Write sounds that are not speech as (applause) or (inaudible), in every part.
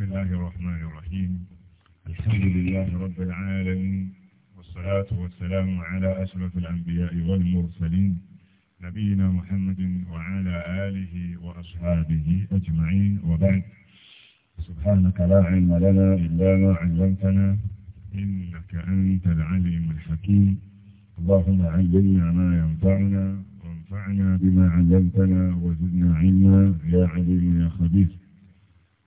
بسم الله الرحمن الرحيم الحمد لله رب العالمين والصلاة والسلام على أشرف الأنبياء والمرسلين نبينا محمد وعلى آله وأصحابه أجمعين وبعد سبحانك لا علم لنا إلا ما علمتنا إنك أنت العليم الحكيم اللهم علمنا ما ينفعنا وانفعنا بما علمتنا وزدنا علما يا عليم يا خبير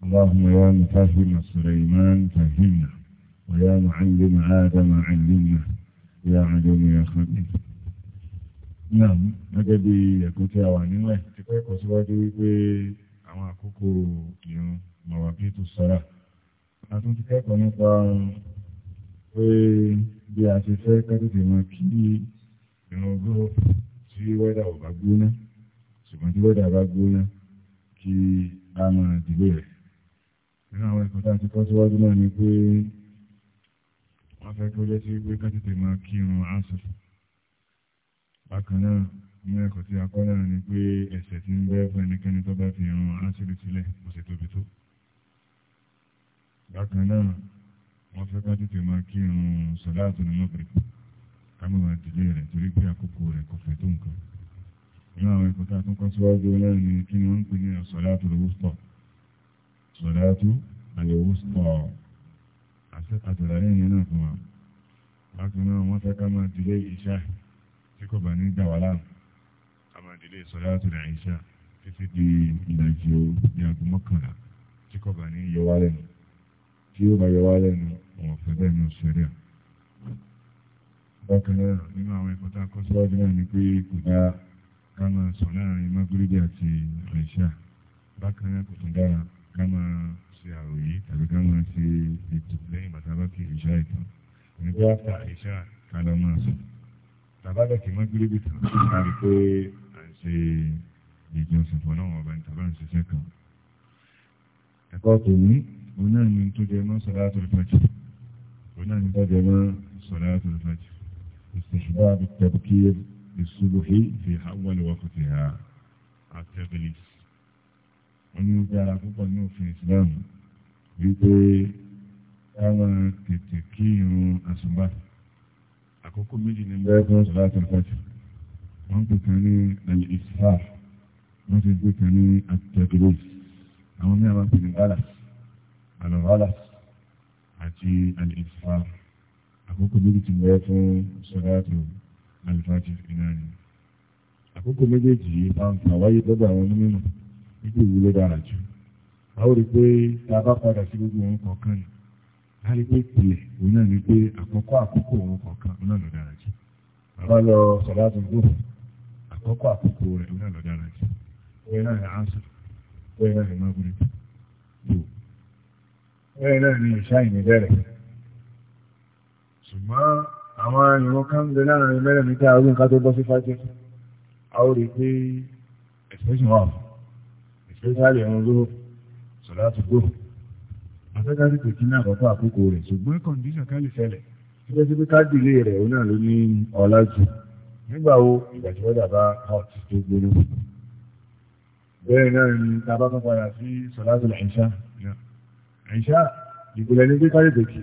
اللهم يا مفهم سليمان فهمنا ويا معلم آدم علمنا يا علم يا خبير náà gẹ́gẹ́ bí ẹ̀kọ́ tí a wà nínú ẹ̀ ti pẹ́ kọ́ síwájú wípé àwọn àkókò ìrun mọ̀wàbí tó sọ́ra a tún ti kẹ́kọ̀ọ́ nípa pé bí a ṣe fẹ́ kẹ́tẹ̀tẹ̀ mọ́ kí ìrun gbọ́ tí wẹ́dà ò bá gbóná ṣùgbọ́n tí wẹ́dà bá gbóná kí a máa dìbò rẹ̀ nínú àwọn ẹ̀kọ́ tàbí ni pé wọ́n fẹ́ kí ó jẹ́ sí pé ká tètè máa kírun ni pé ẹ̀ṣẹ̀ tí ń bẹ fún ẹnikẹ́ni tó bá fi irun àṣírí sílẹ̀ kò sì tóbi tó bákan náà wọ́n fẹ́ ká tètè máa kírun sọ̀láàtù ní mọ́bìrì kọ́ síwájú náà ni kí ni wọ́n ń pè ní sọ̀láàtù lówó stọ̀ọ̀ sọ̀látú àlèwòsàn àtàlàyé yẹn náà fún wa bákan náà wọ́n fẹ́ ká máa dìlé ìṣá tí kò bá ní gbà wá láàmú ká máa dìlé sọ̀látú àìṣá títí di ìdajì o ní aago mọ́kànlá tí kò bá ní yọ wá lẹ́nu tí ó bá yọ lẹ́nu wọn fẹ́ bẹ́ẹ̀ ní Australia bákan náà nínú àwọn ẹ̀kọ́ tá a kọ́ síwájú náà ni pé kò dá ká máa sọ láàrin mágúrídì àti àìṣá bákan náà kò tún dára ká máa ṣe àròyé tàbí ká máa ṣe ètò lẹ́yìn bàtà bá kí ìṣá ìtàn nígbà tá ìṣá ká lọ máa sùn tàbá lọ́kì mọ́ gírígì tán ká rí pé à ń ṣe ìjọsìn fún náà ọba níta bá ń ṣiṣẹ́ kan ẹ̀kọ́ tó ní òun náà ni tó jẹ mọ́ sọ̀rọ̀ àtòlùfẹ́jì òun náà ni tó jẹ mọ́ sọ̀rọ̀ àtòlùfẹ́jì ìṣèṣùbá àbí tẹ̀bùkì ìṣubú wọ́n ní ó dára púpọ̀ ní òfin ìsìláàmù wípé káwọn tètè kí irun àsùnbà àkókò méjì ní bẹ́ẹ̀ fún ṣọláṣọ ìfàjì wọ́n pè kan ní àlè ìfà wọ́n ti pè kan ní àtẹ̀gbẹ̀rẹ̀ àwọn mí àwọn pè ní galas àlọ́galas àti àlè ìfà àkókò méjì ti bẹ́ẹ̀ fún ṣọláṣọ àlùfàjì ìnáyìn àkókò méjèèjì yìí máa ń fà wáyé lọ́dọ̀ àwọn onímọ̀ ibi ìwúlò dára jù a ó rí pé tá a bá padà sí gbogbo ohun kọ̀ọ̀kan ni a rí pé ìpìlẹ̀ òun náà ni pé àkọ́kọ́ àkókò ohun kọ̀ọ̀kan òun náà lọ dára jù bàbá lọ sọ̀rọ̀ àdúgbò àkọ́kọ́ àkókò rẹ̀ òun náà lọ dára jù bẹ́ẹ̀ náà ni ánsà bẹ́ẹ̀ náà ni mọ́gùrì tó bẹ́ẹ̀ náà ni ìṣá ìní bẹ̀rẹ̀ ṣùgbọ́n àwọn ìwọ̀n kan lè láàrin mẹ́rẹ̀ẹ́mí tá a rí nǹkan tó bọ́ sí fájẹ́ a ó rí pé ẹ̀sẹ̀ sì wà fún especially ẹ̀rọ ló sọ̀rọ̀ àtúgbò àfẹ́kárí kò kí ní àkọ́kọ́ àkókò rẹ̀ ṣùgbọ́n kọ̀ǹdíṣàn ká lè fẹlẹ̀ ṣíṣẹ́ sí pé ká dìlé rẹ̀ ó náà ló ní ọlá jù nígbà wo ìgbà tí wọ́n dàbá hot tó gbóná bẹ́ẹ̀ náà ni ta bá padà sí sọ̀láṣọ̀ àìṣá àìṣá ìpìlẹ̀ ní pé ká lè tèkì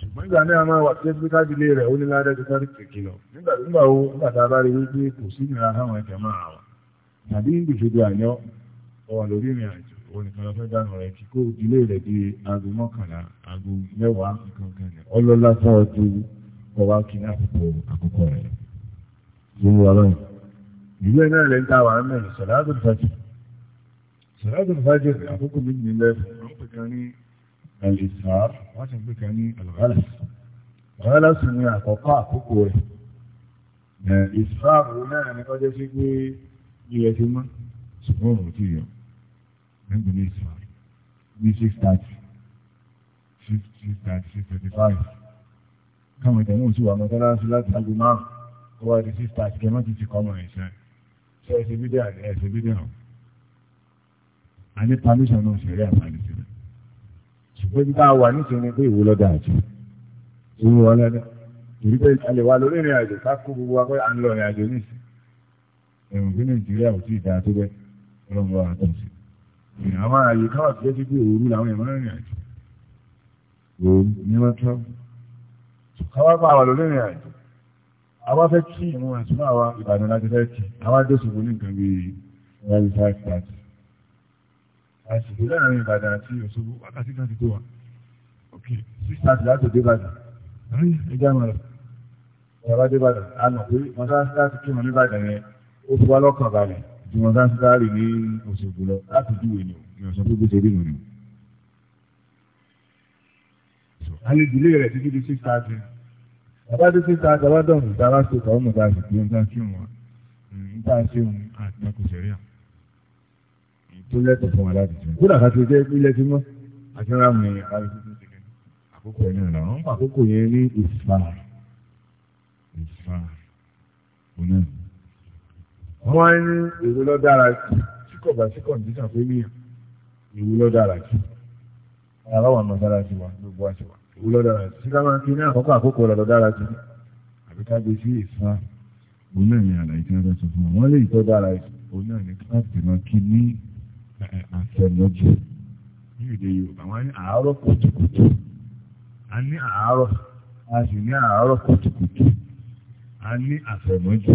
ṣùgbọ́n ìgbà náà máa wà tí ká dìlé rẹ̀ ó ní ládẹ́ tó ká lè tèkì lọ nígbà wo nígbà tá a bá rí wípé kò sí ìnira fáwọn ẹ̀jẹ̀ ọwà lórí ìrìn àjò òun nìkan lọ fẹ́ dànù rẹ̀ kí kó ìdílé rẹ̀ di aago mọ́kànlá aago mẹ́wàá nǹkan rẹ̀ ọlọ́lá fún ọdún ọwà kìíní àkókò àkókò rẹ̀ lórí ọlọ́run ìlú ẹ̀ náà lẹ́ńtà wà ń mẹ́rin sọ̀dáàdùn fàjì sọ̀dáàdùn fàjì àkókò méjì ní lẹ́fù wọ́n pè kan ní al wọ́n sì pè kan ní al-ghalas ghalas ní àkọ́kọ́ àkókò rẹ̀ israr náà ní kọjá sí pé ilẹ̀ ti mọ́ ṣùgbọ́n òun ti yàn nígbìlẹ̀ ìsìnwá bí six thirty six six thirty six thirty five káwọn ìtẹ̀wé òsì wà mọ́tálásí láti aago márùn ó wá di six thirty kẹ́mọ́ ti ti kọ́ ọmọ ẹ̀sẹ̀ ṣe ẹsẹ̀ bídẹ́ àti ẹsẹ̀ bídẹ́ ọ̀ a ní permission náà ṣẹ̀rí àfààní sílẹ̀ ṣùgbọ́n bí bá a wà nítorí pé ìwò lọ́dà àjò ìwò ọlọ́dà torí pé a lè wà lórí ìrìn àjò ká kó gbogbo wa ń lọ ìrìn àjò nísìnyí ẹ̀wọ̀n bí Nàìjíríà ò tí dáa tó bẹ́ẹ̀ ọlọ́run lọ́wọ́ àtúnṣe àwọn ààyè káwà tó jẹ́ pé òru làwọn ẹ̀mọ́ rìnrìn àjò òru ní wọ́n tọ́ káwà bá wà lórí ìrìn àjò àwọn fẹ́ kí ìwọ̀n ẹ̀sùn àwa Ìbàdàn láti fẹ́ kí àwọn adóṣogbo ní nǹkan bíi one five thirty àsìkò láàrin Ìbàdàn àti Òṣogbo wákàtí kan ti tó wa ok six thirty láti òde Ìbàdàn ẹjẹ́ àwọn ọ̀rọ̀ ìyàwó adébàdàn àmọ̀ pé wọ́n sá láti kí wọn ní Ìbàdàn yẹn ó fi wá lọ́kàn balẹ̀ tí wọ́n sáńsárì ní Òṣogbo lọ láti júwe ni ní ọ̀sán tó gbèsè rí nìyí. àlejòlé rẹ̀ títí di six thirty bàbá dé six thirty bàbá dọ̀nù tá a bá ṣe kọ́ ọmọ tá a sì pé ń tá a ṣe wọn ń tá a ṣe wọn àtàkùn sẹ̀ríà tó lẹ́tọ̀ fún wa láti jẹun kódà ká jẹ́ ilé tí mọ́ àti ara mi àkókò yẹn náà àkókò yẹn ní ìfà ìfà onáà wọ́n ní èrò lọ dára sí tí kò bá sí kọ̀ǹdíṣàn pé ní èrò lọ dára sí aláwọ̀ náà dára sí wa gbogbo àti wa èrò lọ dára sí ká máa kí ní àkọ́kọ́ àkókò lọ dára sí àbí ká gbé sí ìsúná òun náà ní àlàyé tí wọ́n fẹ́ sọ fún wọn wọ́n lè tọ́ dára sí òun náà ní káàpì máa kí ní àfẹnujù ní èdè Yorùbá wọn ní àárọ̀ kùtùkùtù a ní àárọ̀ a sì ní àárọ̀ kùtùkùtù a ní àfẹnujù.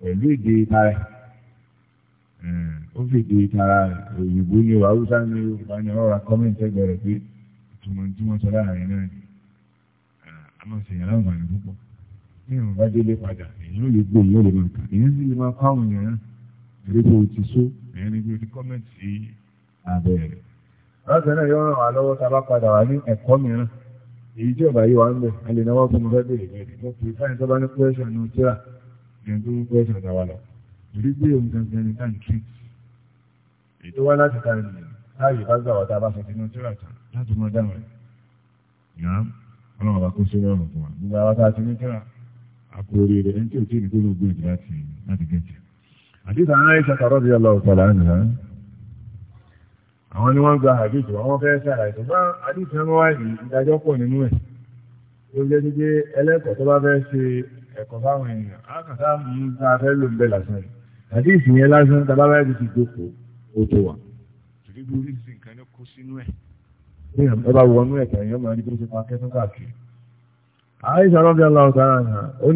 pẹ̀lú èdè ìtara hmm, ó fi èdè òyìnbó ni o haúsá ni o bá ní ọ̀rọ̀ kọ́mẹ́ǹtì ẹgbẹ́ pé ìtumọ̀ tí wọ́n sọ láàrin náà ni ah, púpọ̀ ní ìwọ̀n bá délé padà lè gbé lè máa kà sì lè máa èèyàn ti só kọ́mẹ́ǹtì sí náà yọ lọ́wọ́ tá a bá padà wá ní ẹ̀kọ́ mìíràn jẹun tó ń kọ́ ẹ̀sìn ọ̀dà wa lọ torí pé òun gangan ni tá n kí ètò wá láti ta ẹni láàyè bá gbà wọ́n tá a bá sọ tinú tíra tán láti mọ dáhùn ẹ̀ yàn ọlọ́run bá kó sórí ọ̀rùn fún wa gbogbo àwọn tá a ti ní tíra àpò oríire ẹni tí ò tí ì ní kó ló ni wọ́n gba àdìsá wọn fẹ́ ṣàlàyé tó bá àdìsá wọn ẹ̀kọ́ fáwọn ènìyàn àkàtà mú fún afẹ́ ló ń bẹ lásán yìí àti ìsìn yẹn lásán tàbá bá ti jókòó ó tó wà. torí bí orí ìsìn kan ló kó sínú ẹ̀. bí ẹ bá wọnú ẹ̀ka èèyàn máa rí bí ṣe máa kẹ́tọ́ káàkiri. àìsàn rọ́bì aláwọ̀ nà ó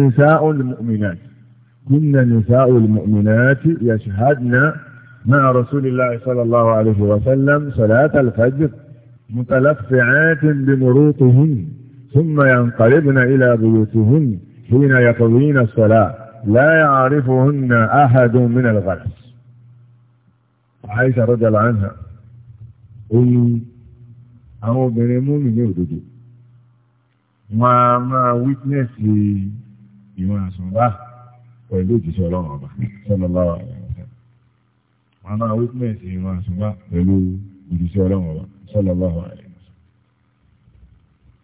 nìṣá olùmọ̀mìnàtì kúnnà nìṣá olùmọ̀mìnàtì yashhadna ma'a rasulillahi sallallahu alayhi wa sallam ثم ينقلبن إلى بيوتهن حين يقضين الصلاة لا يعرفهن أحد من الغلس عائشة رضي الله عنها قل àwọn obìnrin múmi ní òdodo wọn a máa wítínẹ́sì ìwọ̀n àsùnwá pẹ̀lú òjíṣẹ́ ọlọ́run ọba sallallahu alaihi wasallam wọn a máa wítínẹ́sì ìwọ̀n àsùnwá pẹ̀lú òjíṣẹ́ ọlọ́run ọba sallallahu alaihi wasallam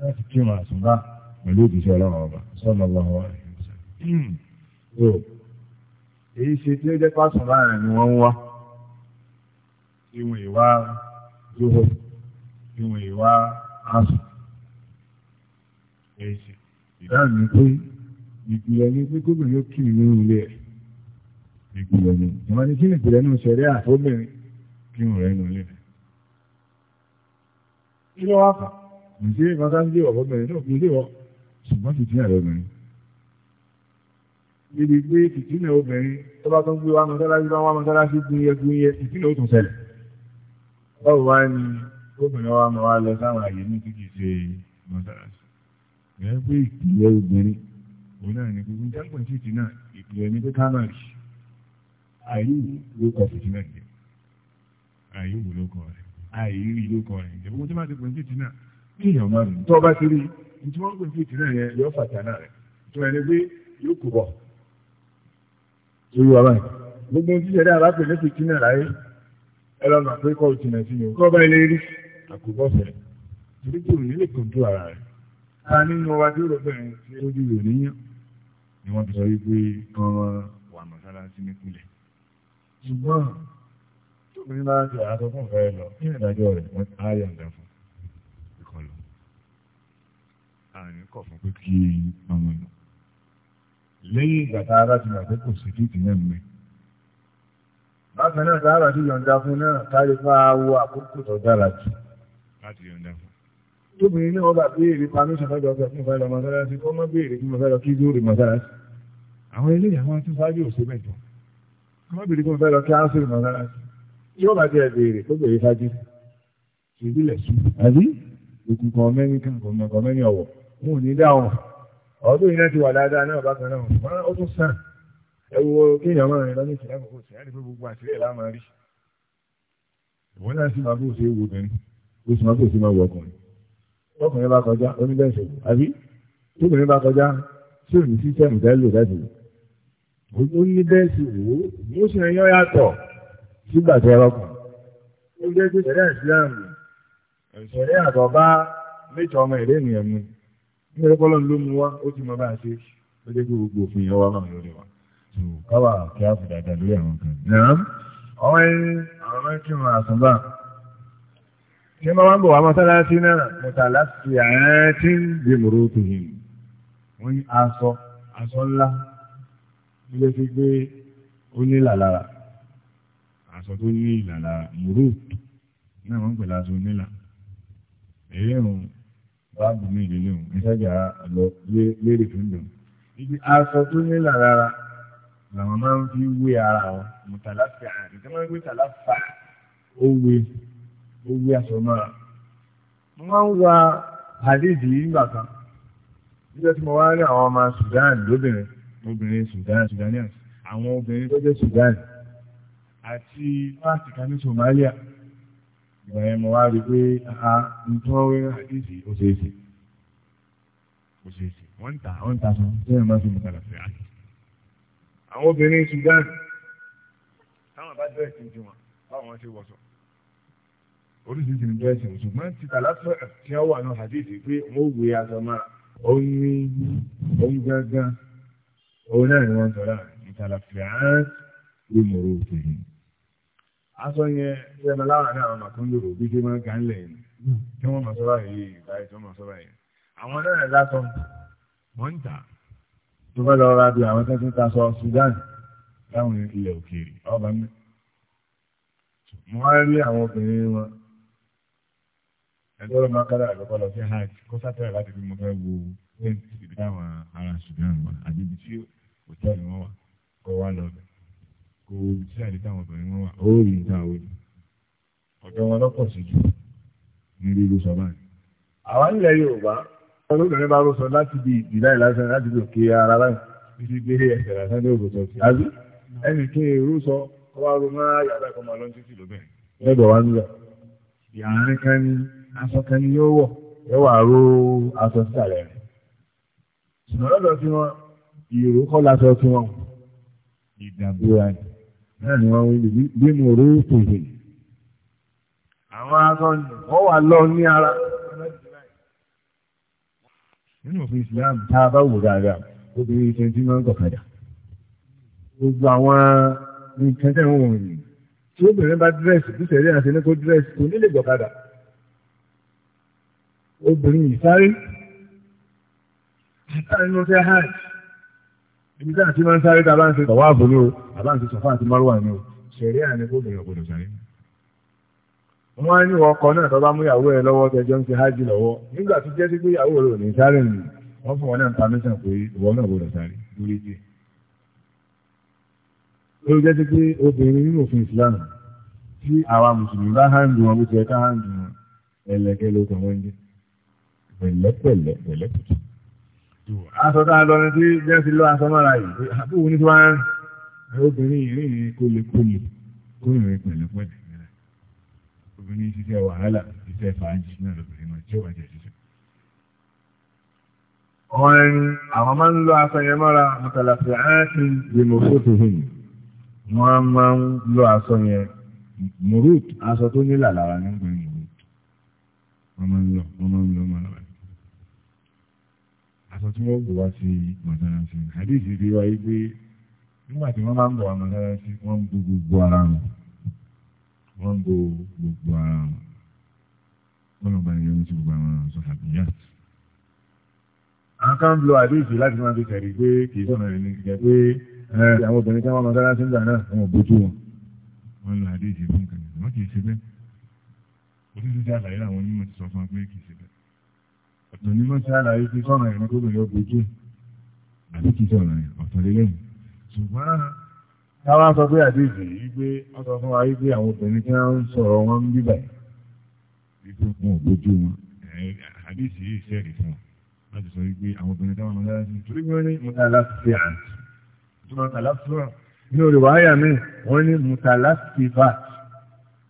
láti kí wọn àtúnbá pẹ̀lú òjíṣẹ́ ọlọ́run ọba sọ́nà ọlọ́run wa èyí ṣe tí ó jẹ́ pásùn láàrin ni wọ́n ń wá ìwọ̀n ìwà yóò ìwọ̀n ìwà asùn èyí ṣe ìdáhùn ni pé ìpìlẹ̀ ni pé gómìnà ó kì nínú ilé ẹ̀ ìpìlẹ̀ ni ìwọ̀n ni kí ni ìpìlẹ̀ nínú ṣẹ̀rẹ́ àfọ́bìnrin kí wọ́n rẹ̀ nínú ilé rẹ̀ kí ló wá fà á ǹjẹ́ mọ́sáńdé ọ̀bọ̀gbẹ̀rin náà kún léwọ́ ṣùgbọ́n ti dín àlọ́bìnrin. níbi pé ìtìlẹ̀ obìnrin tó bá tó ń gbé wá mọ́sálásí bá wá mọ́sálásí gúnyẹ gúnyẹ ìtìlẹ̀ ó tún ṣẹlẹ̀. báwo wá ní gómìnà wa máa lọ sáwọn àyè ní kíkì ṣe mọ́sálásí. ẹ̀ pé ìpìlẹ̀ obìnrin òun náà ní gbogbo jágbọ̀n sí ti náà ìpìlẹ̀ ní pé kánàlì àyè ló kọ fìtínà jẹ àyè wò ló rẹ̀ àyè rí ló rẹ̀ jẹ́ gbogbo tí máa ti pè ní fìtínà kéèyàn máa nù tó bá ti rí ní tí wọ́n ń pè ìtìlẹ̀ yẹn yóò fàtànà rẹ̀ tó ẹni pé yóò kú bọ̀ tó yọ ọba gbogbo ohun tí ìṣẹ̀dá arápè ní fìtínà láyé ẹ lọ mà pé kọ́ sí ni o kọ́ bá ilé rí àkùbọ̀ fẹ́ torí kò ní lè kọ̀ǹtò ara rẹ̀ ta nínú wa tí ó rọ̀ bẹ́ẹ̀ tí ó dúró níyàn ni wọ́n ti sọ wípé ọmọ wà mọ̀sálásí nípìnlẹ̀ ṣùgbọ́n tóbi ní láti àtọ́kùn àní kọ̀ fún pé kí ọmọ nù. lẹ́yìn ìgbà tá a bá ti rà pé kò sí títì náà mẹ́. bákan náà tá a bá ti yọ̀ǹda fún náà kárí fá wo àkókò tó dára jù. láti yọ̀ǹda fún. tóbìnrin náà wọ́n bá béèrè pàmíṣàn lọ́jọ́ ọ̀gá fún ìfẹ́ lọ mọ́sálásí kó mọ́ béèrè kí mo fẹ́ lọ kí mọ́sálásí. àwọn eléyìí àwọn tún ṣáájú òṣè mẹ́jọ. wọ́n béèrè kí mo fẹ́ lọ kí mọ́sálásí. yóò bá tiẹ̀ béèrè tó mo ní dáhùn ọdún iná ti wà dáadáa náà bákan náà wọn ó tún sàn ẹwọ kéèyàn máa rìn lọ́nà ìṣẹ̀lẹ̀ àkókò sí àdìpé gbogbo àtìlẹ́ ìlà máa rí ìwọ náà sì máa bó ṣe wo obìnrin ó sì máa bó ṣe máa wọ ọkùnrin ọkùnrin bá kọjá oníbẹ̀ṣẹ̀ àbí tóbìnrin bá kọjá tí ò ní sísẹ́mù tẹ́lẹ̀ lò dájú ó ní bẹ́ẹ̀ sì wò ó ní ó sì ń yán yàtọ̀ sígbà tẹ ọkùnrin ó jẹ́ pé sẹ̀rẹ̀ ìsìlámù ìṣẹ̀lẹ̀ ní ẹ̀kọ́ lọ́n ló mú wá ó ti mọ bá a ṣe ó jẹ́ pé gbogbo òfin yẹn wá náà lórí wa tó káwà kí á fi dáadáa lórí àwọn kan. nàám ọmọ yìí àwọn máa ń kí wọn àsùnbà tí wọ́n máa ń bọ̀ wá mọ́sálásí náà mọ̀tàlá ti àárín bí mòró tó yìí wọ́n ní aṣọ aṣọ ńlá ilé fi gbé ó làlára aṣọ tó ní ìlàlára mòró náà wọ́n pè láṣọ nílà èyí ẹ̀rùn báàbù ní ìlélẹ̀ òun ìṣẹ́jà lọ lérí fi ń dùn. ibi aṣọ tó ní làrára làwọn máa ń fi wé ara wọn mùtàláfà àti máa ń wé tàláfà ó wé ó wé aṣọ máa. mo máa ń wa hadith yìí nígbà kan nígbà tí mo wá rí àwọn ọmọ Sudan lóbìnrin obìnrin Sudan Sudan àwọn obìnrin tó jẹ́ Sudan àti fásitì kan ní Somalia ìgbà yẹn mo wá rí pé a ń tọ́ wé àdìsí ó ṣe é ṣe ó ṣe é ṣe wọ́n ń ta wọ́n ń ta sọ sẹ́yìn bá fi mọ̀kàlà fẹ́ àti. àwọn obìnrin Sudan táwọn bá dẹ́ẹ̀sì ju wọn báwọn ṣe wọ̀ sọ oríṣiríṣi ní dẹ́ẹ̀sì ṣùgbọ́n ti tàlásọ̀ tí wọ́n wà náà àdìsí pé wọ́n wé aṣọ máa ó ní ohun gángan òun náà ni wọ́n sọ láàrin ìtàlàfẹ́ àá ló yìí aṣọ yẹn yẹn lára náà àwọn àtúndò bí ṣe máa ga ńlẹ̀ yìí hmm. tí wọ́n máa sọ́ra yìí báyìí tí wọ́n máa sọ́ra yìí àwọn náà lásọ wọ́n ń tà tó fẹ́ lọ ra bí àwọn tó ti ń taṣọ Sudan láwọn ilẹ̀ òkèèrè ọba mi mo wá rí àwọn obìnrin wọn ẹgbẹ́ ọlọ́mọ akádà àgbẹ̀kọ́ lọ sí hajj kó sátẹ̀rẹ̀ láti fi mo fẹ́ wo tent ibi táwọn ará Sudan wà àbí ibi tí òtẹ́ẹ̀lì wọn wà kó wá lọ bẹ̀ kò sí àyè táwọn obìnrin wọn wà ó rí níta àwọn ènìyàn ọ̀dọ́ wọn lọ́pọ̀ sí jù ní rírú sọ báyìí. àwa nílẹ̀ Yorùbá olóbìnrin bá rú sọ láti di ìdílé lásán láti lòkè ara láì títí gbé ẹsẹ̀ lásán ní òbòtọ̀ sí. àbí ẹnì kí irú sọ wá rú máa yàrá ẹ̀kọ́ máa lọ títí lóbẹ̀. lẹ́gbẹ̀ẹ́ wa ń lọ ìyàrin kan ní aṣọ kan ní yóò wọ̀ yóò wà ró aṣọ sísàlẹ̀ rẹ̀. ṣùgbọ́n lọ́dọ̀ tí wọ́n ìrù kọ́ lásọ tí wọ́n ìdàbúra ni. náà àwọn wà lọ ní ara. nínú òfin Islam tá a bá wò dáadáa obìnrin ṣe ti máa ń kọ̀kadà. gbogbo àwọn nǹkan tẹ̀ ń wọ̀n yìí tí bá dírẹ́sì bí sẹ̀rí àti ní kó dírẹ́sì obìnrin ibi tí a ti máa ń sáré tá a bá ń ṣe tọ̀wá ní o ń ṣe sọ̀fà àti márùwà ní ọkọ náà mú ìyàwó ẹ lọ́wọ́ ń ṣe hájì lọ́wọ́ nígbà tó jẹ́ sí pé ìyàwó ò ní sáré nì wọ́n fún wọn náà pàmíṣàn pé ìwọ náà gbọdọ̀ sáré lórí Islam tí àwa mùsùlùmí bá aṣọ tá a lọ ní tí jẹ́sí lọ aṣọ mọ́ra yìí àbúrò ní tí wọ́n ń obìnrin ìrìn kó lè kó lè kó ìrìn pẹ̀lú pẹ̀lú obìnrin ṣiṣẹ́ wàhálà ṣiṣẹ́ fàájì náà lóbìnrin náà tí ó ṣiṣẹ́. wọ́n ń àwọn máa ń lọ aṣọ yẹn mọ́ra mọ̀tàlàfẹ́ áàtì rìmọ̀fóòtò hìn wọ́n máa ń lọ aṣọ yẹn mùrùt aṣọ tó nílà lára aṣọ tí wọ́n gbọ́ wá sí mọ̀sálásí àdéhìí rí wáyé pé nígbà tí wọ́n máa ń bọ̀ wá mọ̀sálásí wọ́n ń bu gbogbo ara wọn wọ́n ń bo gbogbo ara wọn wọ́n lọ́ba ẹ̀yọ́ ní ti gbogbo àwọn ọ̀sán àbíyá. àwọn kan ń lo àdéhìí láti máa fi tẹ̀rí pé kì í sọ̀rọ̀ rẹ̀ ní kíkẹ́ pé àwọn obìnrin kan wọ́n mọ̀sálásí ń gbà náà wọn ò bójú wọn. wọ́n lo àdéhìí fún kàn ọ̀tọ̀ ní wọ́n ṣàlàyé pé sọ́nà ẹ̀rọ tó bẹ̀rẹ̀ ọgbẹ́jú àbí kìí sọ̀rọ̀ ẹ̀ ọ̀tọ̀ lélẹ̀ ṣùgbọ́n táwa sọ pé àdéhùn yìí pé wọ́n sọ fún wa wípé àwọn obìnrin tí wọ́n ń sọ̀rọ̀ wọn ń bíbà wípé wọn ò gbójú wọn àdéhùn yìí ṣẹ́ẹ̀rì fún wọn láti sọ wípé àwọn obìnrin táwọn ọmọ dára sí torí wọ́n ní mutalasfi àti mutalasfi ní olùwáyà mi wọ́n ní mutalasfi fà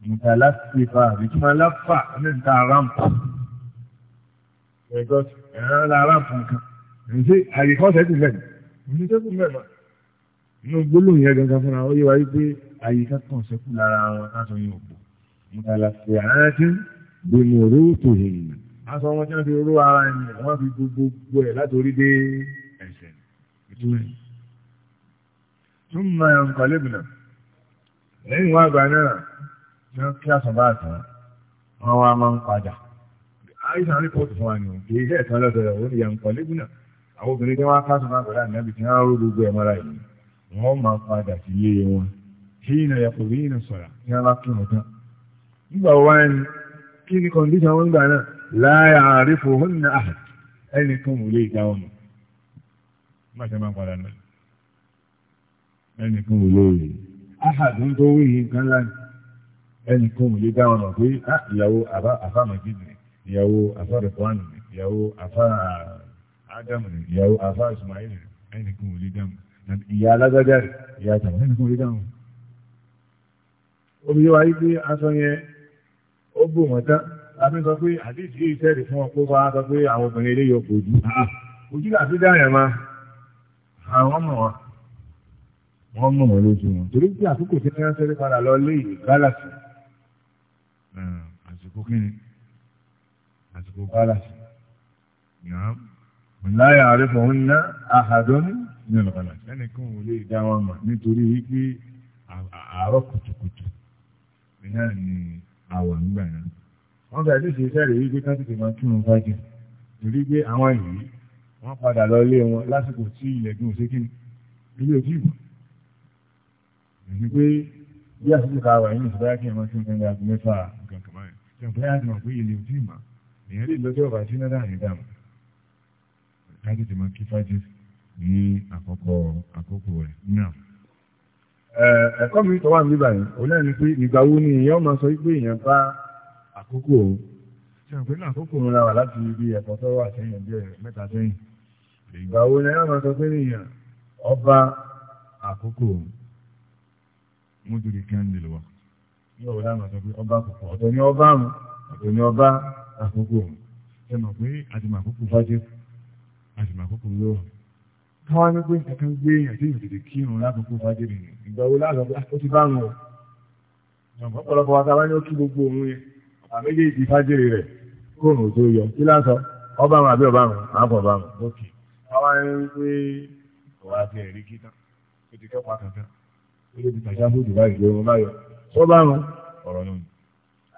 mutalasfi fà ìtumọ̀ láfà ní nta rampa ẹ̀gọ́t ẹ̀rọ lára fún kan ǹjẹ́ àyíkọ́sẹ̀ ti lẹ́nu ní tó kù mẹ́fà inú gbólóhùn yẹn gangan fúnra ó yẹ wáyé pé àyíká kan sẹ́kù lára wọn káṣọ yẹn òpó mùtàlá fi àárántí bèmí òró tó hìnyín aṣọ wọn tí wọn fi ró ara ẹni wọn fi gbogbo ẹ láti orí dé ẹsẹ̀ ìtumẹ̀ àìsàn rìpọ́tù ye wa ni kìí jẹ́ ìtàn lọ́sọ̀rọ̀ òun ìyá nǹkan lébùnà àwọn obìnrin tí wọ́n fásitì máa pẹ̀lú ànábì tí wọ́n rú gbogbo ẹ̀ mọ́ra yìí wọ́n máa padà sí ilé wọn kí iná yàtọ̀ rí iná sọ̀rọ̀ kí wọ́n bá kí wọn ni na ìyàwó àfá rẹ̀kọ́ánì ìyàwó àfá ádámù ìyàwó àfá ìsùmáìlì ẹnìkan ò lè dáhùn ìyá alágbádá ìyá àtàwọn ẹnìkan ò lè dáhùn omi yóò wáyé pé aṣọ yẹn ó bò wọ́n tán àbí sọ pé àdéhùn yìí sẹ́ẹ̀dì fún ọkọ̀ bá sọ pé àwọn obìnrin eléyìí ọkọ̀ ah, ojú ojú àti dáhùn ma àwọn ọmọ wọn wọ́n mọ̀ wọ́n lójú wọn torí pé àkókò tí wọ́n àsìkò bàlà láyà àrífọ̀hún ná àhàdán ní ọ̀nàkànà ẹnìkan ò lè dá wọn mọ̀ nítorí wípé àárọ̀ kùtùkùtù náà ni àwọ̀ nígbà náà wọ́n bẹ̀rẹ̀ tó ṣe iṣẹ́ rẹ̀ wípé ká tètè máa kírun fájì torí pé àwọn yìí wọ́n padà lọ lé wọn lásìkò tí ilẹ̀kùn ò ilé òkú ìbò ẹni pé bí àsìkò ká wà nínú ìṣẹ́dáyà kí ẹ máa kírun fún ẹgbẹ́ àgbẹ̀ mẹ́fà nǹkan àti mọ̀ ilé òkú ìmọ̀ èèyàn lè ọ̀bà sí náírà yẹn dàmú káàdì tí mo kí ní àkọ́kọ́ àkókò mi wà níbà náà ni pé ìgbà wo ni èèyàn máa sọ pé èèyàn bá àkókò àkókò òun la wà láti ibi ẹ̀kọ́ tó wà sẹ́yìn bí mẹ́ta ọba àkókò o mo dùn kí kí lè ọba àkókò ọ̀tọ̀ ni ọba àrùn ọ̀tọ̀ àkókò ẹ mọ̀ pé àtìmọ̀ àkókò fájẹ́ àtìmọ̀ àkókò lọ́wọ́ káwá ní pé nǹkan kan gbé èèyàn tí èèyàn tètè kírun lákòókò fájẹ́ nìyẹn ìgbà wo láàrín ó ti bá wọn ọ̀pọ̀ ọ̀pọ̀lọpọ̀ wa tàbá ní ó kí gbogbo òun yẹn àméjì ìdí fájẹ́ rẹ̀ kóòrùn tó yọ ọ̀rọ̀ náà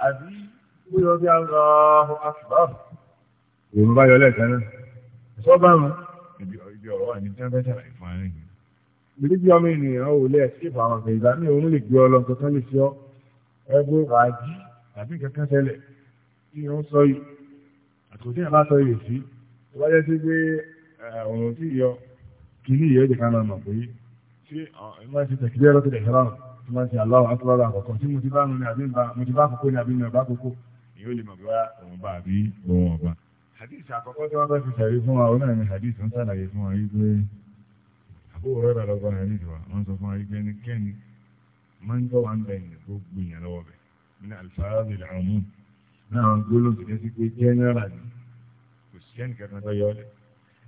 àbí bí bí aláhùn àṣùbáàbù èyí yọ lẹ́ẹ̀kan náà ẹ̀ṣọ́ bá mu. ibi ọ̀rọ̀ wà ní tí wọ́n fẹ́ ṣàlàyé fún ara ọmọ ènìyàn ò lè ṣe ìfàwọn ọ̀sẹ̀ ìgbà mi òun lè gbé ọ lọ kankan lè ṣe ọ ẹgbẹ́ ràájì tàbí kankan tẹ́lẹ̀ tí wọ́n sọ yìí àtòtí àbá sọ yìí sí tó bá jẹ́ sí pé ọ̀rọ̀ tí yọ kìíní yìí ẹ̀jẹ̀ kan mọ̀ pé ṣé ẹ máa ṣe lọ́tẹ̀lẹ̀ ṣọ́rọ̀ tí máa ṣe aláwọ̀ àkọ́kọ́ tí mo ti bá àkókò ní àbí mi ò bá àkókò yóò lè mọ̀ bí wá òun bá àbí òun ọ̀bá. hadith àkọ́kọ́ tí wọ́n fẹ́ fi ṣàrí fún wa náà ni hadith ń ṣàlàyé fún wa yí pé àbúrò rẹ̀ lọ́gbà hadith wa wọ́n sọ fún wa yí pé ní kẹ́ni máa ń gbọ́ wa ń bẹ̀ ní gbogbo ìyẹn lọ́wọ́ bẹ̀ ní alfáàzì làmú náà wọn gbólóhùn tó jẹ́ sí pé general ni kò sí ẹnì kankan tó yọ ọ́lẹ̀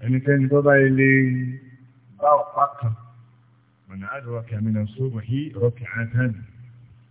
ẹnikẹ́ni tó bá yẹ lé bá ọ̀pá kan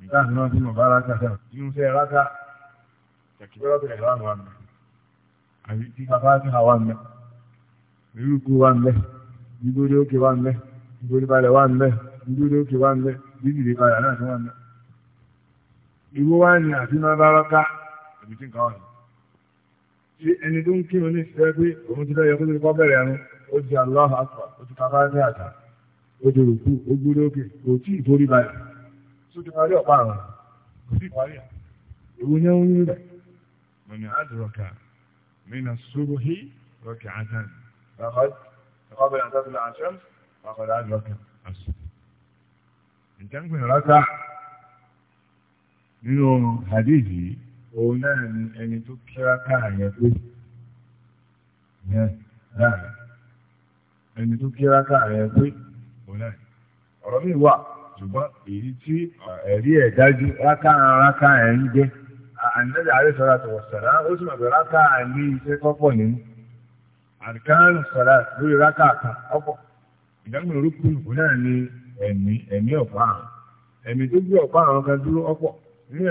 láti rántí na ti hà wa mẹ́ rírúkú wa mẹ́ gbígbóde òkè wa mẹ́ gbígbóde balẹ̀ wa mẹ́ gbígbóde òkè wa mẹ́ gbígbìdì balẹ̀ náà ti wa mẹ́. ìwọ wa ni àti máa bá rákà àbí tí nǹkan wà ní. ṣé ẹni tó ń ní òun ti kọ́ bẹ̀rẹ̀ ẹnu ó sójú parí ọ̀pá àrùn kò sí parí à èwo ní àwọn yóò rẹ̀ mo ní àdúrọ̀kà mi nà sóró hí rọ̀kà àtàn bàbá bàbá bẹ̀rẹ̀ àtàkùn na bàbá bẹ̀rẹ̀ àdúrọ̀kà àṣẹ. ǹjẹ́ ń pè rákà nínú hadith ṣùgbọ́n èyí tí ẹ̀rí ẹ̀ dájú rákà rákà ẹ̀ ń jẹ́ ànájà àríṣọ́ra tó sọ̀rọ̀ ó sì mọ̀ rákà ní iṣẹ́ kọ́pọ̀ nínú àríkàánù sọ̀rọ̀ lórí rákà kan ọ̀pọ̀ ìdáhùn orúkú ìbò náà ní ẹ̀mí ẹ̀mí ọ̀pá àrùn ẹ̀mí tó gbé ọ̀pá àrùn kan dúró ọ̀pọ̀ nínú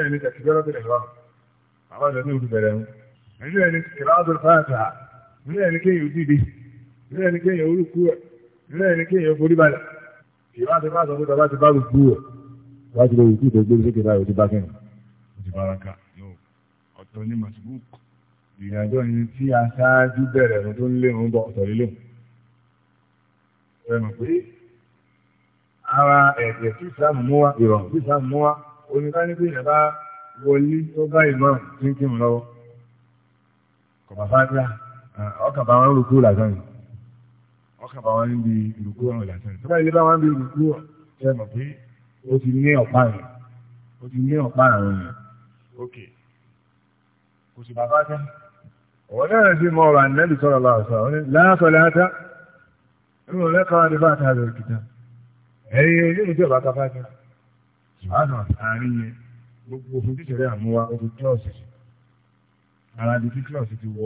ẹ̀mí ìwádìí bá sọ pé bàbá ti bá rúgbú ẹ̀ wá ti lè rí ìtìtò gbé lókè báyìí ti bá kẹ́yìn ti bára ká yóò ọ̀tọ̀ ní masibúk ìrìnàjò ẹni tí a ṣáájú bẹ̀rẹ̀ ẹ̀rọ tó ń lé òun bọ̀ ọ̀tọ̀ lílò ẹ mọ̀ pé ara ẹ̀jẹ̀ tí ìsìlámù mú wa ìrọ̀rùn tí ìsìlámù mú wa oníkáníkì yẹn bá wọlé tó bá ìmọ̀ tí ń kírun lọ́wọ́ kọ̀bàfáàdà ọkà bá wọn rúkú làzán yìí ọkàn bá wọn níbi ìrùkú ọ̀rọ̀ ìlàsẹ̀ tó bá ilé bá wọn níbi ìrùkú ẹ mọ̀ pé ó ti ní ọ̀pá rẹ̀ ó ti ní ọ̀pá àwọn èèyàn ok kò sì bàbá tán ọ̀wọ́ náà sì mọ ọ̀rọ̀ ànẹ́lì sọ̀rọ̀ láàṣọ àwọn láàṣọ láàṣọ nínú lẹ́kọ̀ọ́ adébá àtàrà ẹ̀yìn ilé ìjọba kápá tán ṣùgbọ́n àárín di tí kílọ̀ọ̀sì ti wọ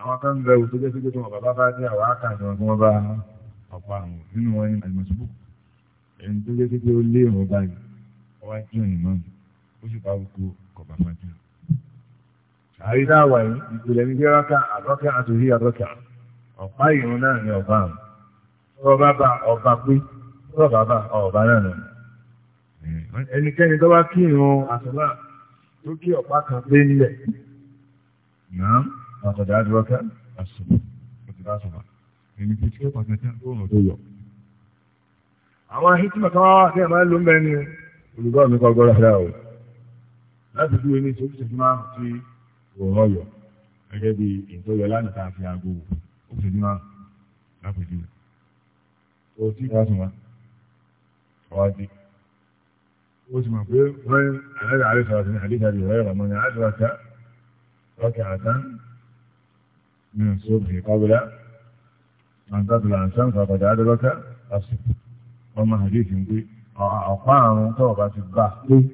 àwọn kan bẹ wò tó jẹ́ sígbé tó wọn bàbá bá dé àwọn àkàtà wọn wọn bá ọ̀pọ̀ àwọn nínú wọn ní àjùmọ̀síbò ẹni tó jẹ́ sígbé ó lé ìwọ̀n báyìí ọwá jọ ìmọ̀ ó sì bá gbogbo kọ̀bà máa jù. àrídá wà yìí ìpìlẹ̀ ní bí rákà àtọ́kẹ́ àtòrí àtọ́kẹ́ ọ̀pá ìrún náà ní ọ̀bá àwọn ọba bá ọba pé ọba bá ọba náà nà ẹnikẹ́ni tó bá kí ìrún àtọ́lá tó kí ọ̀pá kan pé nílẹ̀ náà قد أدرك الصبح قد في شيء قد تأخذ وضيع àwọn hikima kan wá kí ẹ máa ń lo mẹ́ni olùgbọ́ mi kọ́ gbọ́dọ̀ fẹ́ o láti dúró ní ìṣòwò ìṣẹ́jú máa fi òòrùn ọ̀yọ́ gẹ́gẹ́ bí ìtọ́yọ lánàá tá a fi aago ó fi ní máa lápèjú o tí ká sùn wá ọwá dé ó sì mọ̀ pé wọ́n àlẹ́ àlẹ́ sí àdéhàdì ọ̀rẹ́ rẹ̀ mọ́ ni àdéhàdì ọ̀rẹ́ من الصبح قبل أن تطلع الشمس وقد أدرك الصبح وما حديث يقول أقام توبة البحر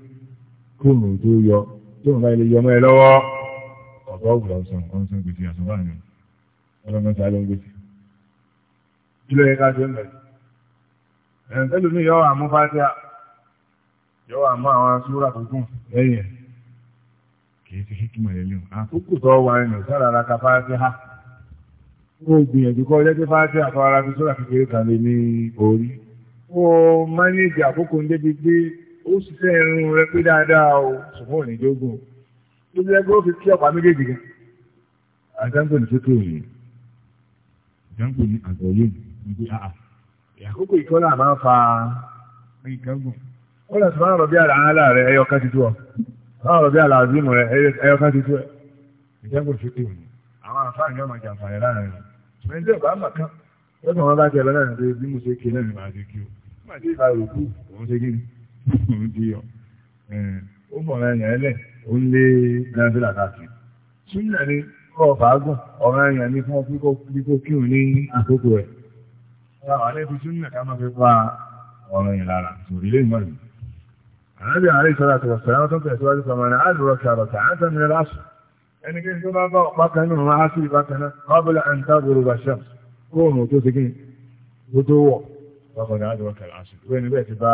كل وجوه ثم إلى يوم إلوى ọ̀pọ̀ ọ̀gbọ̀n ọ̀sán ọ̀n sọ gbèsè àsọ̀bá mi ọlọ́mọ tí a lọ ń gbèsè. kí ló yẹ ká ṣe ń bẹ̀rẹ̀. ẹ̀ǹtẹ́ lómi yọ àmú fátíà yọ àmú àwọn súrà tuntun lẹ́yìn ẹ̀ kì í ṣe kíkí mọ̀lẹ́lẹ́ o àkókò tó wà nínú sára ara ka fátíà. ó gbìyànjú kọ́ jẹ́ pé fáájú fi sọ́ra kékeré kan lè ní orí ó mánéjì àkókò ń débi pé ó ṣiṣẹ́ irun rẹ pé dáadáa o ṣùgbọ́n ò ní ó ó fi kí ọ̀pá méjèèjì ní sókè òye ní àgbọ̀yé àà àkókò ìkọ́lá máa ń fa ó lọ rẹ ẹyọ ti ọ rẹ ẹyọ ti tú ẹ ẹni tí ọba àmàkà lọ́sàn wọn bá jẹ lọ́nà àti bí mo ṣe kí náà ni màá ṣe kí o má ṣe ká òkú òun ṣe kí ni (laughs) òun ti yọ ó mọ̀ ọ̀rọ̀ ẹ̀yàn ẹlẹ̀ ó ń lé gánfìlà káàkiri súnà ni kọ́ fàágùn ọ̀rọ̀ ẹ̀yàn ni fún kíkó kíkó kírun ní àkókò ẹ̀ àwọn alẹ́ fi súnà ká máa fi pa ọ̀rọ̀ ẹ̀yàn lára sòrí lè mọ̀ rẹ̀ àná bí àárẹ̀ ìṣọ́ra àti ọ̀sẹ̀ ẹnikẹ́ tó bá bá ọ̀pákan náà máa sí ìbákaná ọbọ̀lá àǹtà gbòrò bàṣà oòrùn tó ti kíni tó tó wọ̀ ọkọ̀dá àjọwọ̀ kàlà àṣì wẹ́n níbẹ̀ ti bá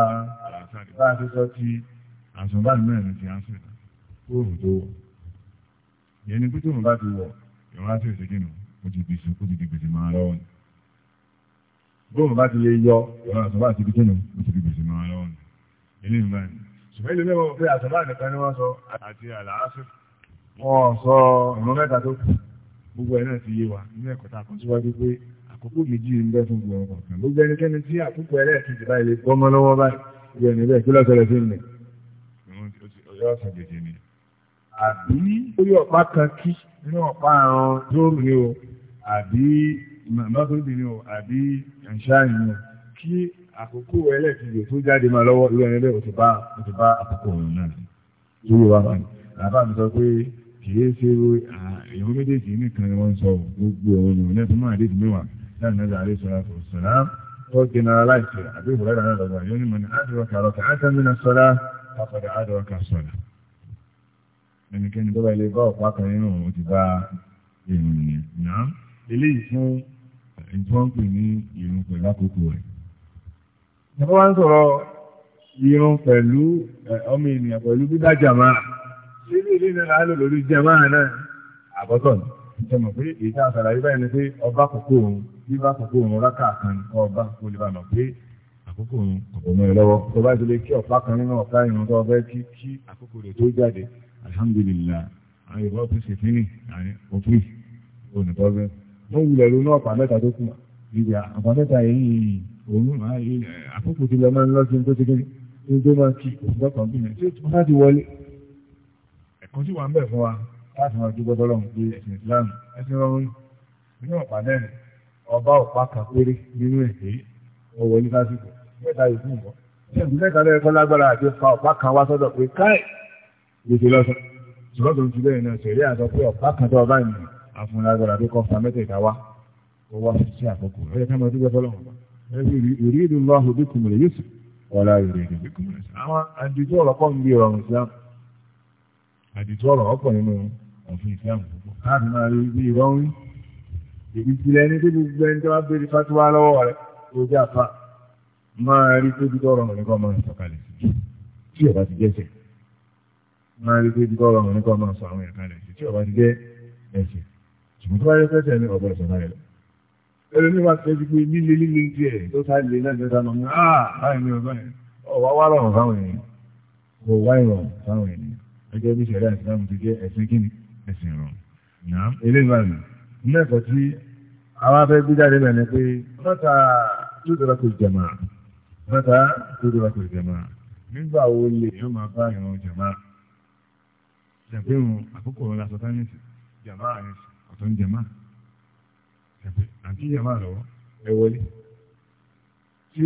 àṣà bá a ti sọ ti àṣọ̀bánu mẹ́rin ti àṣì oòrùn tó wọ̀ yẹn ni pító bá ti wọ̀ ìwọ́n á sì ti kíni ó ti gbèsè ó ti di gbèsè máa lọ́wọ́ ni bóòrùn bá ti yẹ yọ ìwọ́n àṣọ̀bá wọ́n sọ ọ̀nà mẹ́ta tó kù gbogbo ẹ̀ náà ti yé wa nínú ẹ̀kọ́ tá a kọ́ síwájú pé àkókò méjì ń bẹ fún gbogbo ọkọ̀ kan gbogbo ẹnikẹ́ni tí àkókò ẹlẹ́ẹ̀kejì báyìí lè gbọ́mọ lọ́wọ́ báyìí gbogbo ẹni bẹ́ẹ̀ kí lọ́sọ̀rọ̀ sí ilẹ̀ ọjọ́ ọ̀sán gbèjì ni àbí orí ọ̀pá kan kí nínú ọ̀pá àrùn tóòrù ni o àbí mọ́tòbí ni o àbí ẹ̀ńṣáì ni o kí àkókò ẹlẹ́ẹ̀kejì tó jáde máa lọ́wọ́ irú ẹni bẹ́ẹ̀ o ti bá àkókò ọ̀run náà kìí ṣe ìwọ́n méjèèjì nìkan ni wọ́n sọ gbogbo ọ̀rọ̀ ni òun ẹ̀fọ́ máa dé ìdí mẹ́wàá láti náà àrí sọ́ra tó sọ́ra tó gbẹ̀nà aláìsẹ̀ àbí ìwọ̀rẹ́ ìdáná lọ́gbà yóò ní mọ̀nà àdìrọ̀kà rọ̀kà átàmínà sọ́ra pápádà àdìrọ̀kà sọ́ra. ẹnikẹ́ni tó bá ilé bá ọ̀pá kan nínú òun ti bá ènìyàn náà eléyìí fún ìtọ́ǹpì ní irun pẹ̀lú àkókò rẹ̀. ìjọba wa ń sọ̀rọ̀ irun pẹ̀lú ilé ilé náà lálò lórí jẹmọ́ náà àbọ́tọ̀ ṣe mọ̀ pé ìta àṣàlàyé báyìí ni pé ọba àkókò òun bíbá àkókò òun rákà kan ọba àkókò lè bá mọ̀ pé àkókò òun kò mọ̀ lọ́wọ́ tó bá ti lè kí ọ̀pá kan nínú ọ̀pá ìrìn tó ọbẹ̀ kí kí àkókò rẹ̀ tó jáde alhamdulillah àwọn ìbọn tó ṣe fínì òfin olùkọ́gbẹ́ wọ́n wulẹ̀ lónú ọ̀pá mẹ́ta tó kù níbi àpá mẹ́ta yìí òun àkókò ti lọ máa tó ti kí tó máa kí òṣìṣẹ́ kan bí mi tí wọ́n ti wọlé kò sí wà ń bẹ̀ fún wa láti máa dúpẹ́ tọ́lọ́run pé ẹ̀sìn Islam ẹ̀sìn rọrùn nínú ọ̀pàdé ọba ọ̀pá kan péré nínú èdè ọwọ́ ní lásìkò mẹ́ta ìfún ìbọn ṣé ìpínlẹ̀ kan lẹ́ẹ̀kọ́ lágbára àti fa ọ̀pá kan wá sọ́dọ̀ pé káì gbèsè lọ́sàn ṣùgbọ́n tó ń ti bẹ́ẹ̀ náà ṣẹ̀rí àsọ pé ọ̀pá kan tó ọba ìmọ̀ àfúnlágbára tó kọ́ fa mẹ́tẹ̀ẹ̀ta wá ó wá sí àkókò ẹ ká máa dúpẹ́ fọlọ́run ọba ẹ sì rí ìlú ńlá ọ̀hún bí kùmùlẹ̀ yóò sì wọ́n láyé rẹ̀ bí kùmùlẹ̀ sí. àwọn àdìjọ́ ọ̀rọ̀ pọ̀ ń gbé ọ̀rọ̀ ìsìlámù àdìtú ọ̀rọ̀ ọ̀pọ̀ nínú òfin Islam púpọ̀. láti máa rí bí ìwọ́n wí èyí ti lẹ́ni tó gbogbo ẹni tó bá béèrè fatuwa lọ́wọ́ rẹ̀ tó jẹ́ àfa máa rí tó bí tọrọ ọ̀rọ̀ nìkan máa ń sọ̀kalẹ̀ sí tí ọba ti jẹ́ ẹ̀ṣẹ̀ máa rí tó bí tọrọ ọ̀rọ̀ nìkan máa sọ àwọn ẹ̀ka rẹ̀ sí tí ọba ti jẹ́ ẹ̀ṣẹ̀ ṣùgbọ́n tó bá yẹ fẹ́sẹ̀ ní ọ̀bọ̀ ìsọ̀kalẹ̀ lọ ẹlòmí wa tẹ́jú pé líle líle ti ẹ̀ tó sá lè náà jẹ́ta mọ́ ní àà báyìí ní gẹ́gẹ́ bí ṣẹ̀rí àìsílámù ti jẹ́ ẹ̀sìn kíni ẹ̀sìn rọ̀ nàám eléyìí wà nù nínú ẹ̀kọ́ tí àwọn afẹ́ gbé jáde bẹ̀ ni pé mọ́ta tó dọ̀rọ̀ kò jẹ̀mà mọ́ta tó dọ̀rọ̀ kò jẹ̀mà nígbà wo lè yóò máa bá ìran jẹ̀mà ṣàgbéhùn àkókò ọ̀la sọtánìsì jẹ̀mà àyẹ̀sì ọ̀tọ̀ ń jẹ̀mà àti jẹ̀mà lọ́wọ́ ẹ wọlé tí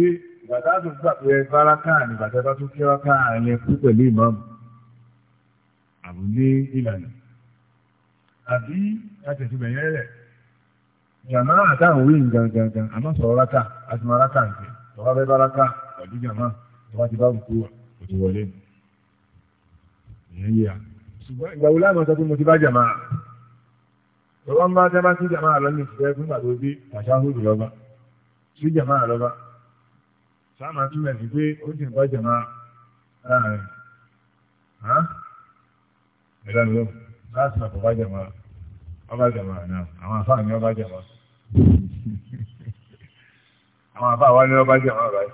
bàtà tó gbà pé báraká ni bàtà tó kí wákà àbò ní ìlànà àbí àtẹ̀síbẹ̀ yẹn rẹ̀ jàmá àtàwọn wíìn gangan àmọ́ sọ̀rọ̀ rákà àti máa rákà nìkẹ́ tọ́wọ́ bẹ́ẹ̀ bá rákà pẹ̀lú jàmá tọ́wọ́ ti bá rùkú wà kò ti wọlé ìyẹn yíya ṣùgbọ́n ìgbà wo láàmú sọ pé mo ti bá jàmá tọ́wọ́ ń bá tẹ́ bá sí jàmá lọ ní ìṣẹ́ fún ìgbàgbọ́ bí tàṣáhùrù lọ́ba sí jàmá lọ́ba sáà máa túmọ̀ sí pé ó sì ń bá jàmá láàrin ìlànà ló láti nà kó bá jàmá ọba jàmá náà àwọn afáà ní ọba jàmá àwọn afáà wá ní ọba jàmá rẹ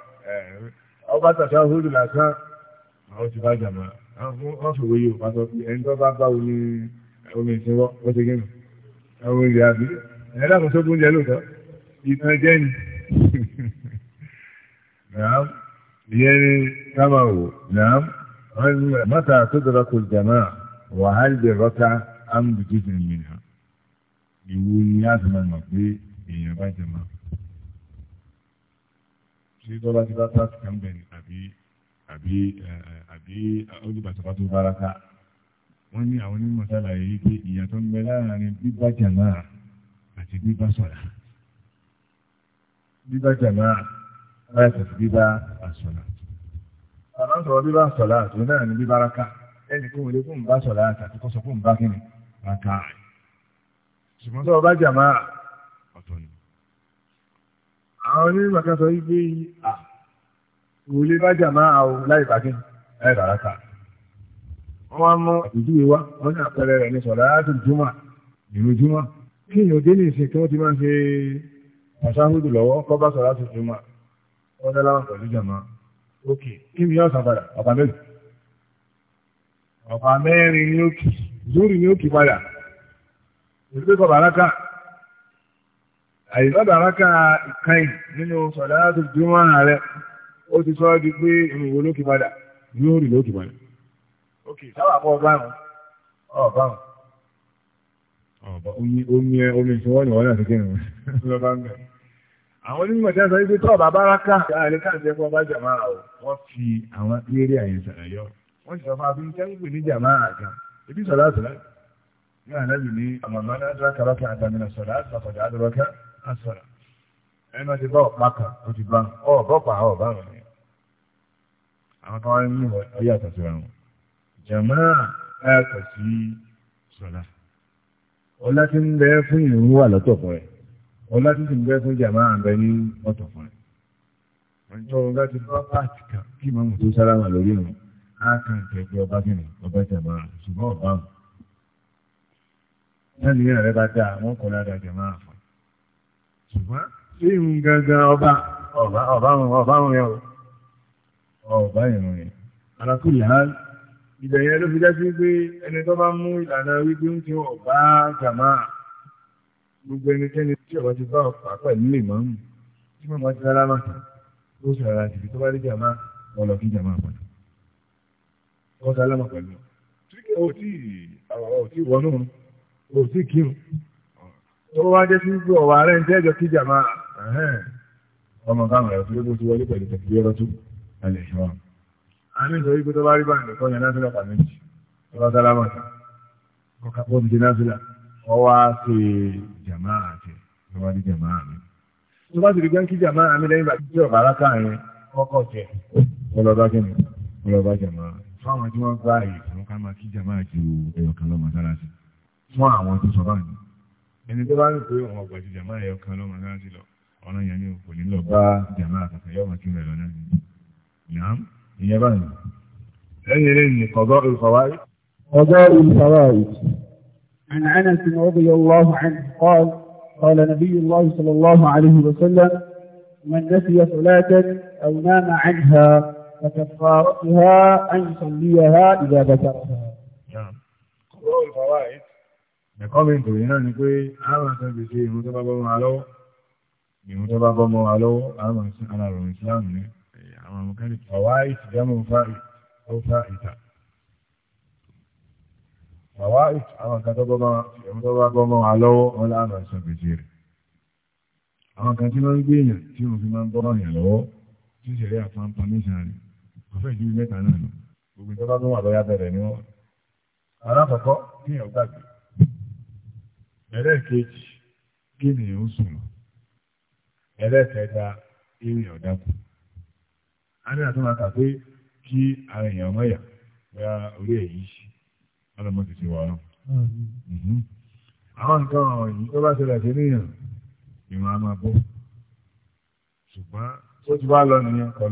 ọba tàṣà húdù lásán àwọn ti bá jàmá wọn fi wòye òpá sọ pé ẹni tó bá bá omi omi ìsinwọ́ ó ti gínú ẹwọ ilẹ̀ àbí ẹ̀rọ àwọn tó gúnjẹ lóòótọ́ ìtàn jẹ́ ni ìyẹn ni ká máa wò náà mọ́ta tó dọ́ra kò jàmáà. وهل bẹ̀ أم بجزء منها يقول ìwú ni a ti máa mọ̀ pé èèyàn bá jẹ máa ṣé dọ́là ti bá pàṣẹ kan bẹ̀ ni àbí àbí àbí olùbàtàbà tó bára ká wọ́n ní àwọn onímọ̀ sálàyé yìí pé ìyàtọ̀ ń bẹ láàrin bíbá jàmáà àti bíbá sọ̀lá bíbá jàmáà wọ́n bíbá àsọ̀lá. àwọn sọ̀rọ̀ bíbá àsọ̀lá àtúndà bíbá ráká ẹnì kí wọlé fún bá sọ̀rọ̀ àti àtúkọ́ sọ fún bá kí ni bàtà rẹ̀ ṣùgbọ́n tó ọba jàmá ọ̀tọ̀ ni. àwọn onímọ̀ kan sọ wípé à wọlé bá jàmá àwọn láì bá kí ni láì bàrà kà wọ́n wá mú àpèjúwe wá wọ́n ní àpẹẹrẹ rẹ̀ ní sọ̀rọ̀ àti jùmọ̀ ìlú jùmọ̀ kí ni òde ní ìsìn tí wọ́n ti máa ń ṣe pàṣáhùdù lọ́wọ́ kọ́ bá sọ̀rọ̀ àti jùmọ̀ ọ̀pá mẹ́rin ní òkè zúrì ní òkè padà ìgbé kọ̀ bàrákà àyíká bàrákà ìkànnì nínú sọ̀dá tó dúró rẹ̀ ó ti sọ́ di pé ìrìnwó lókè padà zúrì lókè padà. ok sábà kọ́ ọ báwọn ọ báwọn omi omi omi ìṣòwò ni wọ́n náà ti kí ni lọ bá ń bẹ̀. àwọn onímọ̀ tí a sọ wípé tọ́ọ̀bà báraká àlẹ́ káàdé fún ọba jàmáà wọ́n fi àwọn eré àyẹ̀sẹ̀ ẹ̀yọ́ wọ́n sì sọ fún abíyí kẹ́yìnpé ní ibi ní ní àsọ̀rọ̀ ẹnu ti ọ̀pá kan ó ti bá ọ bá wọn ni àwọn kan wáyé nínú wọn bí àtàtì wọn jàmá ẹ̀kọ́ sí sọ̀rọ̀ ọlá ń bẹ fún ìrún wà lọ́tọ̀ fún ẹ ń bẹ fún jàmá ní ọjọ́ pàtì á kàn ọba kìnnì ọba jẹ̀mọ́ ṣùgbọ́n ọba mọ̀. Láti ní ààrẹ bá dáa, wọ́n kọ́ lára jẹ̀mọ́ àfọ̀. Ṣùgbọ́n sí ń gangan ọba ọba ọba ọba yẹn o. Ọba yẹn o yẹn. Alákùnrin yàrá ìbẹ̀ yẹn ló fi dá sí pé ẹni tó bá mú ìlànà wípé ń ti ọba jàmá gbogbo ẹnikẹ́ni tí ọba ti bá ọ̀pá pẹ̀lú ìmọ̀ọ́mù tí màmá ti sálámà ó sọ̀rọ̀ àti tó bá dé jàmá ọlọ́kí jàmá àpàdé wọ́n sálámà pẹ̀lú tíríkẹ́ ò tí àwọn ò tí wọnú ò tí kírun tó wá jẹ́ sí gbọ́ ọ̀wà rẹ̀ ń jẹ́jọ kí jàmá ọmọ káwọn ẹ̀rọ tó lé bó ti wọlé pẹ̀lú tẹ̀sí ọ̀rọ̀ tó alẹ́ ìṣọ́ àmì ìṣọ́ yìí tó bá rí báyìí kọ́ yẹn náà pàmì tó bá sálámà tó kọ́ka bọ́ ti náà sílà ọwọ́ á ṣe jàmá àti ìwà ní jàmá àmì tó bá ti rí gbẹ́ńkì jàmá àmì lẹ́yìn bàtí ọ̀bàrà káàrin kọ́kọ́ jẹ ọlọ́ba jẹ̀mọ́ ọlọ́ba jẹ̀mọ́ àmì fáwọn tí wọ́n gba àyè fún ká máa kí jàmáà ju ẹyọkan lọ mọ́sálásí fún àwọn tó sọ bá ní. ẹni tó bá ń pè wọn ọgbà ju jàmáà ẹyọkan lọ mọ́sálásí lọ ọ̀nà yẹn ni kò ní lọ bá jàmáà kankan yọ máa kí rẹ̀ lọ́nà ni. ìyàm ìyẹn bá ní. lẹ́yìn ni kọ̀gọ́ ìfọwárí. kọ̀gọ́ ìfọwárí. عن انس رضي الله عنه قال قال نبي الله صلى الله عليه وسلم من نسي صلاة أو نام عنها وكفارتها أن يصليها إذا ذكرها نعم قول الفوائد ẹ̀kọ́ mi tòrí náà ni pé àwọn àtàbí sí ìrun tó bá bọ́ máa lọ́wọ́ ìrun tó bá bọ́ máa lọ́wọ́ àwọn àti aláròrùn ìsìláàmù ní àwọn mọ̀kánì fàwáì ìdámọ̀ ọ̀fà ìta fàwáì àwọn kan tó bọ́ máa lọ́wọ́ wọn láàrín àṣàbẹ̀sẹ̀ rẹ̀ àwọn kan tí wọ́n ń gbé èèyàn tí wọ́n fi máa ń bọ́rọ̀ yàn lọ́wọ́ tí ìṣẹ̀lẹ̀ àpamọ́ nísàn rẹ̀ ọ̀fẹ́ ìdí mẹ́ta náà ni gbogbo ìjọba tó wà lọ́yà bẹ̀rẹ̀ ni wọ́n. alákọ̀ọ́kọ́ kí èèyàn gbàgbé ẹlẹ́ẹ̀kejì kí ènìyàn ó sùn lọ ẹlẹ́ẹ̀kẹta èèyàn ọ̀dà kù. a ní àtúntò àkà pé kí ara èèyàn mọ̀yà bóyá orí èyí ọlọ́mọ ti ti wà ọ́. Mhm. àwọn nǹkan ọ̀yìn tó bá ṣẹlẹ̀ sí níyàn ìwọ̀n a máa bọ́ ṣùgbọ́n ó ti wá lọ nìyẹn kọ̀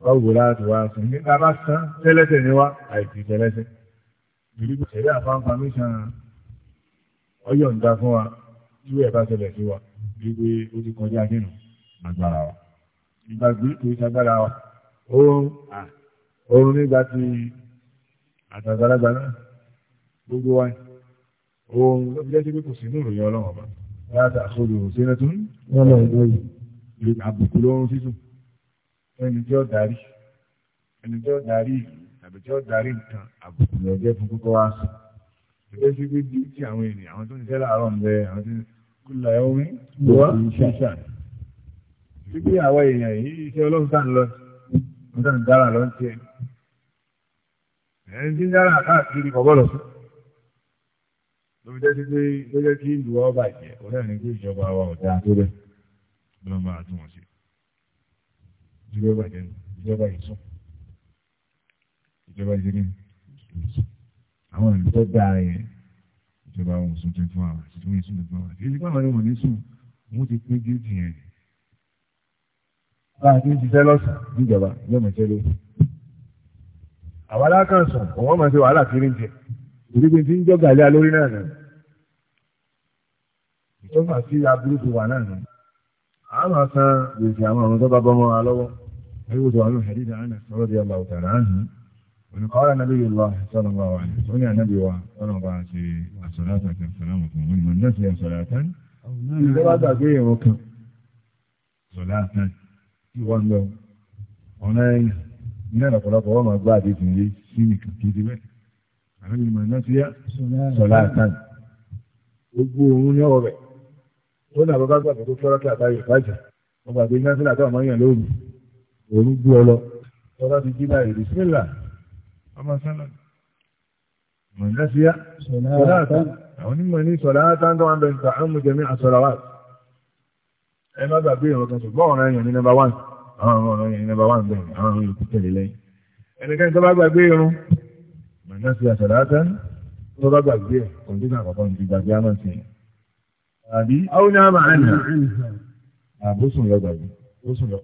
báwo láti wá sùn nígbà bá sán tẹ́lẹ́sẹ̀ ni wá àìsí tẹ́lẹ́sẹ̀ ìdílé ìṣẹ̀lẹ̀ àfáǹfà mẹ́sàn ọyọ̀ ń da fún wa tí wẹ́ẹ̀ bá ṣẹlẹ̀ sí wa gbígbé ó ti kọjá nínú agbára wa ìgbàgbé kò sí agbára wa oorun nígbà tí àtàgbàlagbà náà gbogbo wa oorun ló fi jẹ́ sí pé kò sí ní ìròyìn ọlọ́run ọba láti àsọdù sínú tún wọ́n lọ́wọ́ lóyún àbùkù lọ́rùn sísun ẹni tí ó darí ẹni tí ó darí ìlú tàbí tí ó darí nǹkan àbùkù lọ jẹ́ fún kókó wá sí ìgbé sí pé bí tí àwọn ènìyàn àwọn tó ń tẹ́lẹ̀ àárọ̀ ń bẹ àwọn tí kú lọ ẹ̀ omi wọ́n ṣíṣà sí pé àwọn èèyàn yìí iṣẹ́ ọlọ́run tá ń lọ wọ́n tá ń dára lọ ń tiẹ̀ ẹni tí ń dára káàkiri kọ̀ bọ́ọ̀lù fún lóbi jẹ́ pé lójẹ́ kí ìlú ọba ìjẹ́ òun náà kí ìjọba wa ọ̀dà tó bẹ́ẹ̀ ọlọ́ba àtúnwọ̀nsẹ̀ ìjọba ìjẹun ìjọba ìsùn ìjọba ìjẹun ìsùn àwọn ìlú tó dáa yẹn ìjọba àwọn òsùn twenty four hours ìjọba ìsùn twenty four hours èyí pàmò ẹni wọn ní sùn wọn ti pín géètì yẹn bá a ti ń ṣiṣẹ́ lọ́sàn-án níjọba yóò mọ̀ ṣẹ́ ló. àwọn alákànsùn òun ọmọ ṣe wàhálà kiri ń jẹ ìdígbìn tí ń jọ gàlẹ́ alórí náà nà. ìjọba sí aburú ti wà náà nà àmà san gbèsè àwọn ọ̀run tó bá bọ́ mọ́ wa lọ́wọ́ ẹ̀wọ́ tó wà ní hadith àná sọ̀rọ̀ bí ọlọ́wọ́ tààrà àná olùkọ́ra nàbí yorùbá sọ̀rọ̀ bá wà ní sọ́ni ànábì wa sọ̀rọ̀ bá ṣe àsọ̀rọ̀tà kan sọ̀rọ̀ kan wọn ni wọn nẹ́sì àsọ̀rọ̀tà ìjọba bá gbàgbé ìwọ kan sọ̀rọ̀tà ìwọ ń lọ ọ̀nà ẹ̀yìn ní ọ̀pọ̀lọpọ̀ wọn máa gbá àdéhùn yé sí nìkan kí ti bẹ́ẹ̀ ànábì wọn nẹ́sì àsọ̀rọ̀tà gbogbo òun ní ọ̀rọ̀ bẹ́ẹ̀ ó ní àbábá gbàgbọ́ tó fọ́rọ́ kí àbáyé ìbàjá wọ́n gbàgbé iná sílẹ̀ àtàwọn ọmọnyàn lóru òun gbé ọ lọ ọlọ́ ti jí báyìí bísímìlà ọmọ sálà mọ̀lẹ́síyá sọ̀láàtà àwọn onímọ̀ ní sọ̀láàtà ń tọ́ wọn bẹ̀ ń ta àmú jẹ́mí àsọ̀làwà ẹ má gbàgbé ìwọ̀n kan ṣùgbọ́n ọ̀rọ̀ ẹ̀yàn ní nọ́mbà wán àwọn ọ̀rọ̀ ẹ̀yàn ní nọ́mbà wán bẹ̀rẹ̀ àwọn ọ̀rọ̀ yòókù tẹ̀lé lẹ́yìn ẹnikẹ́ni tó bá gbàgbé irun mọ̀lẹ́síyá sọ̀láàtà tó àbí àwọn ní àmà àná àbó sùn lọ gbàgbé ó sùn lọ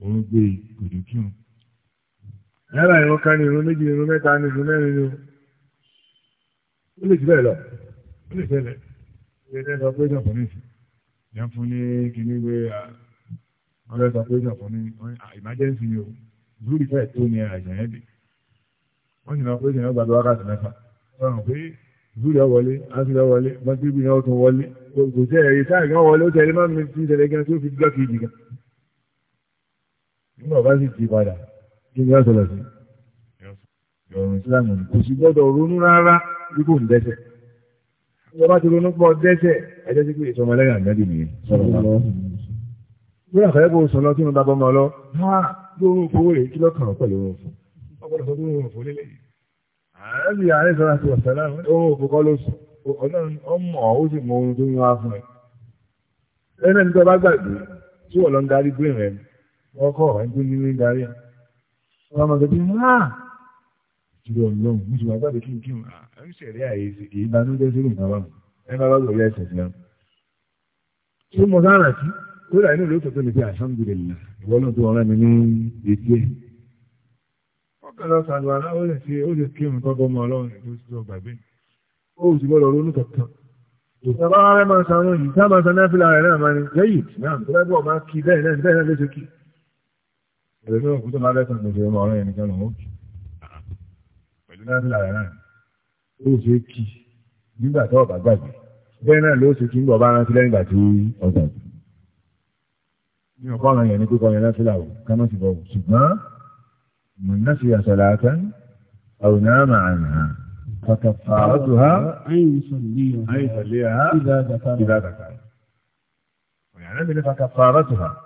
òun gbé kòdò kí wọn. yálà ìwọ ká ní irun méjì irun mẹ́ta ní irun mẹ́rin ni ó lè jù bẹ́ẹ̀ lọ ó lè tẹ́lẹ̀ ó lè tẹ́lẹ̀ ọgbẹ́ ìjọba ní ìsìn yẹn fún ní kíní gbé ọlọ́ sọ pé ìjọba ní emergency ni o lórí fẹ́ẹ̀ tó ní àjàyẹ́dì wọ́n sì lọ pé ìjọba gbàgbé wákàtí mẹ́fà wọ́n rò pé zúlọ wọlé asúlọ wọlé mọ́tíbí náà tún wọlé kò tẹ́ ẹ̀rí sáà kan wọlé ó tẹ̀lé máa mi ti tẹ̀lé gan tó fi gbọ́ kejì gan nígbà bá sì ti padà kí ni wọ́n sọ̀rọ̀ sí ọ̀rùn ìsìlámù kò sì gbọ́dọ̀ ronú rárá bí kò ń dẹ́sẹ̀ wọ́n bá ti ronú pọ̀ dẹ́sẹ̀ ẹ̀jẹ̀ sí pé ìsọmọlẹ́yìn àgbẹ̀dì nìyẹn sọ̀rọ̀ lọ́wọ́ bí àkàrẹ́ bó sọ lọ tí mo bá bọ́ mọ́ lọ ha lórun kówó rè kí lọ́kàn pẹ̀lú òun fún ọgbọ́dọ̀ sọ lórun òun fún lélẹ́yìn àrẹ́bì àrẹ́ sọ́ra sí ọ̀sẹ̀lá ohun òkùnkọ́ ló sùn ọlọ́run ọmọ ó sì mọ ohun tó ń wá fún ẹ lẹ́nu ẹni tó bá gbàgbé tí wọ́n lọ ń darí brain rẹ wọ́n kọ́ ọ̀rọ̀ ẹni tó ní ń darí ẹ wọ́n máa gbẹ̀bí ha ah! ìṣòro ọlọ́run mo sì wá gbàgbé kí n kí n ń ah! ṣẹ̀rí àyè èyí bá ní dẹ́sí ìgbà wa ẹ bá lọ́gbọ̀ ilé ẹ̀sẹ̀ ìlànà tí mo sára sí kódà inú ìlú tó tó ọ̀pọ̀lọpọ̀ àlùwàlá ó lè fi ó lè kí mi kọ́kọ́ mọ ọlọ́run ní tó sọ gbàgbé ó sì gbọ́dọ̀ ronú kankan. ìjọba rẹ máa san oyin tá máa san náfìlà rẹ náà máa ní lẹ́yìn náà tó bá bọ̀ máa kí bẹ́ẹ̀ náà bẹ́ẹ̀ náà ló ṣe kí. ẹ̀rọ òkú tó máa lẹ́sàn lọ́sẹ̀ ọmọ ọ̀rẹ́ ẹnìkan lòun ó kì pẹ̀lú náfìlà rẹ náà ó ṣe kí nígbà tó ọ̀bà gbàgbé bẹ́ẹ̀ náà ló ṣe kí ń bọ̀ bá rántí lẹ́yìn ìgbà tí ọ̀gbàgbé. mi ò kọ́ ọ̀ràn yẹn ní kíkọ́ yẹn náfìlà ò ká má ti bọ̀ ṣùgbọ́n من نسي صلاة أو نام عنها فكفارتها أن يصليها أن يصليها إذا ذكر إذا ذكر يعني من فكفارتها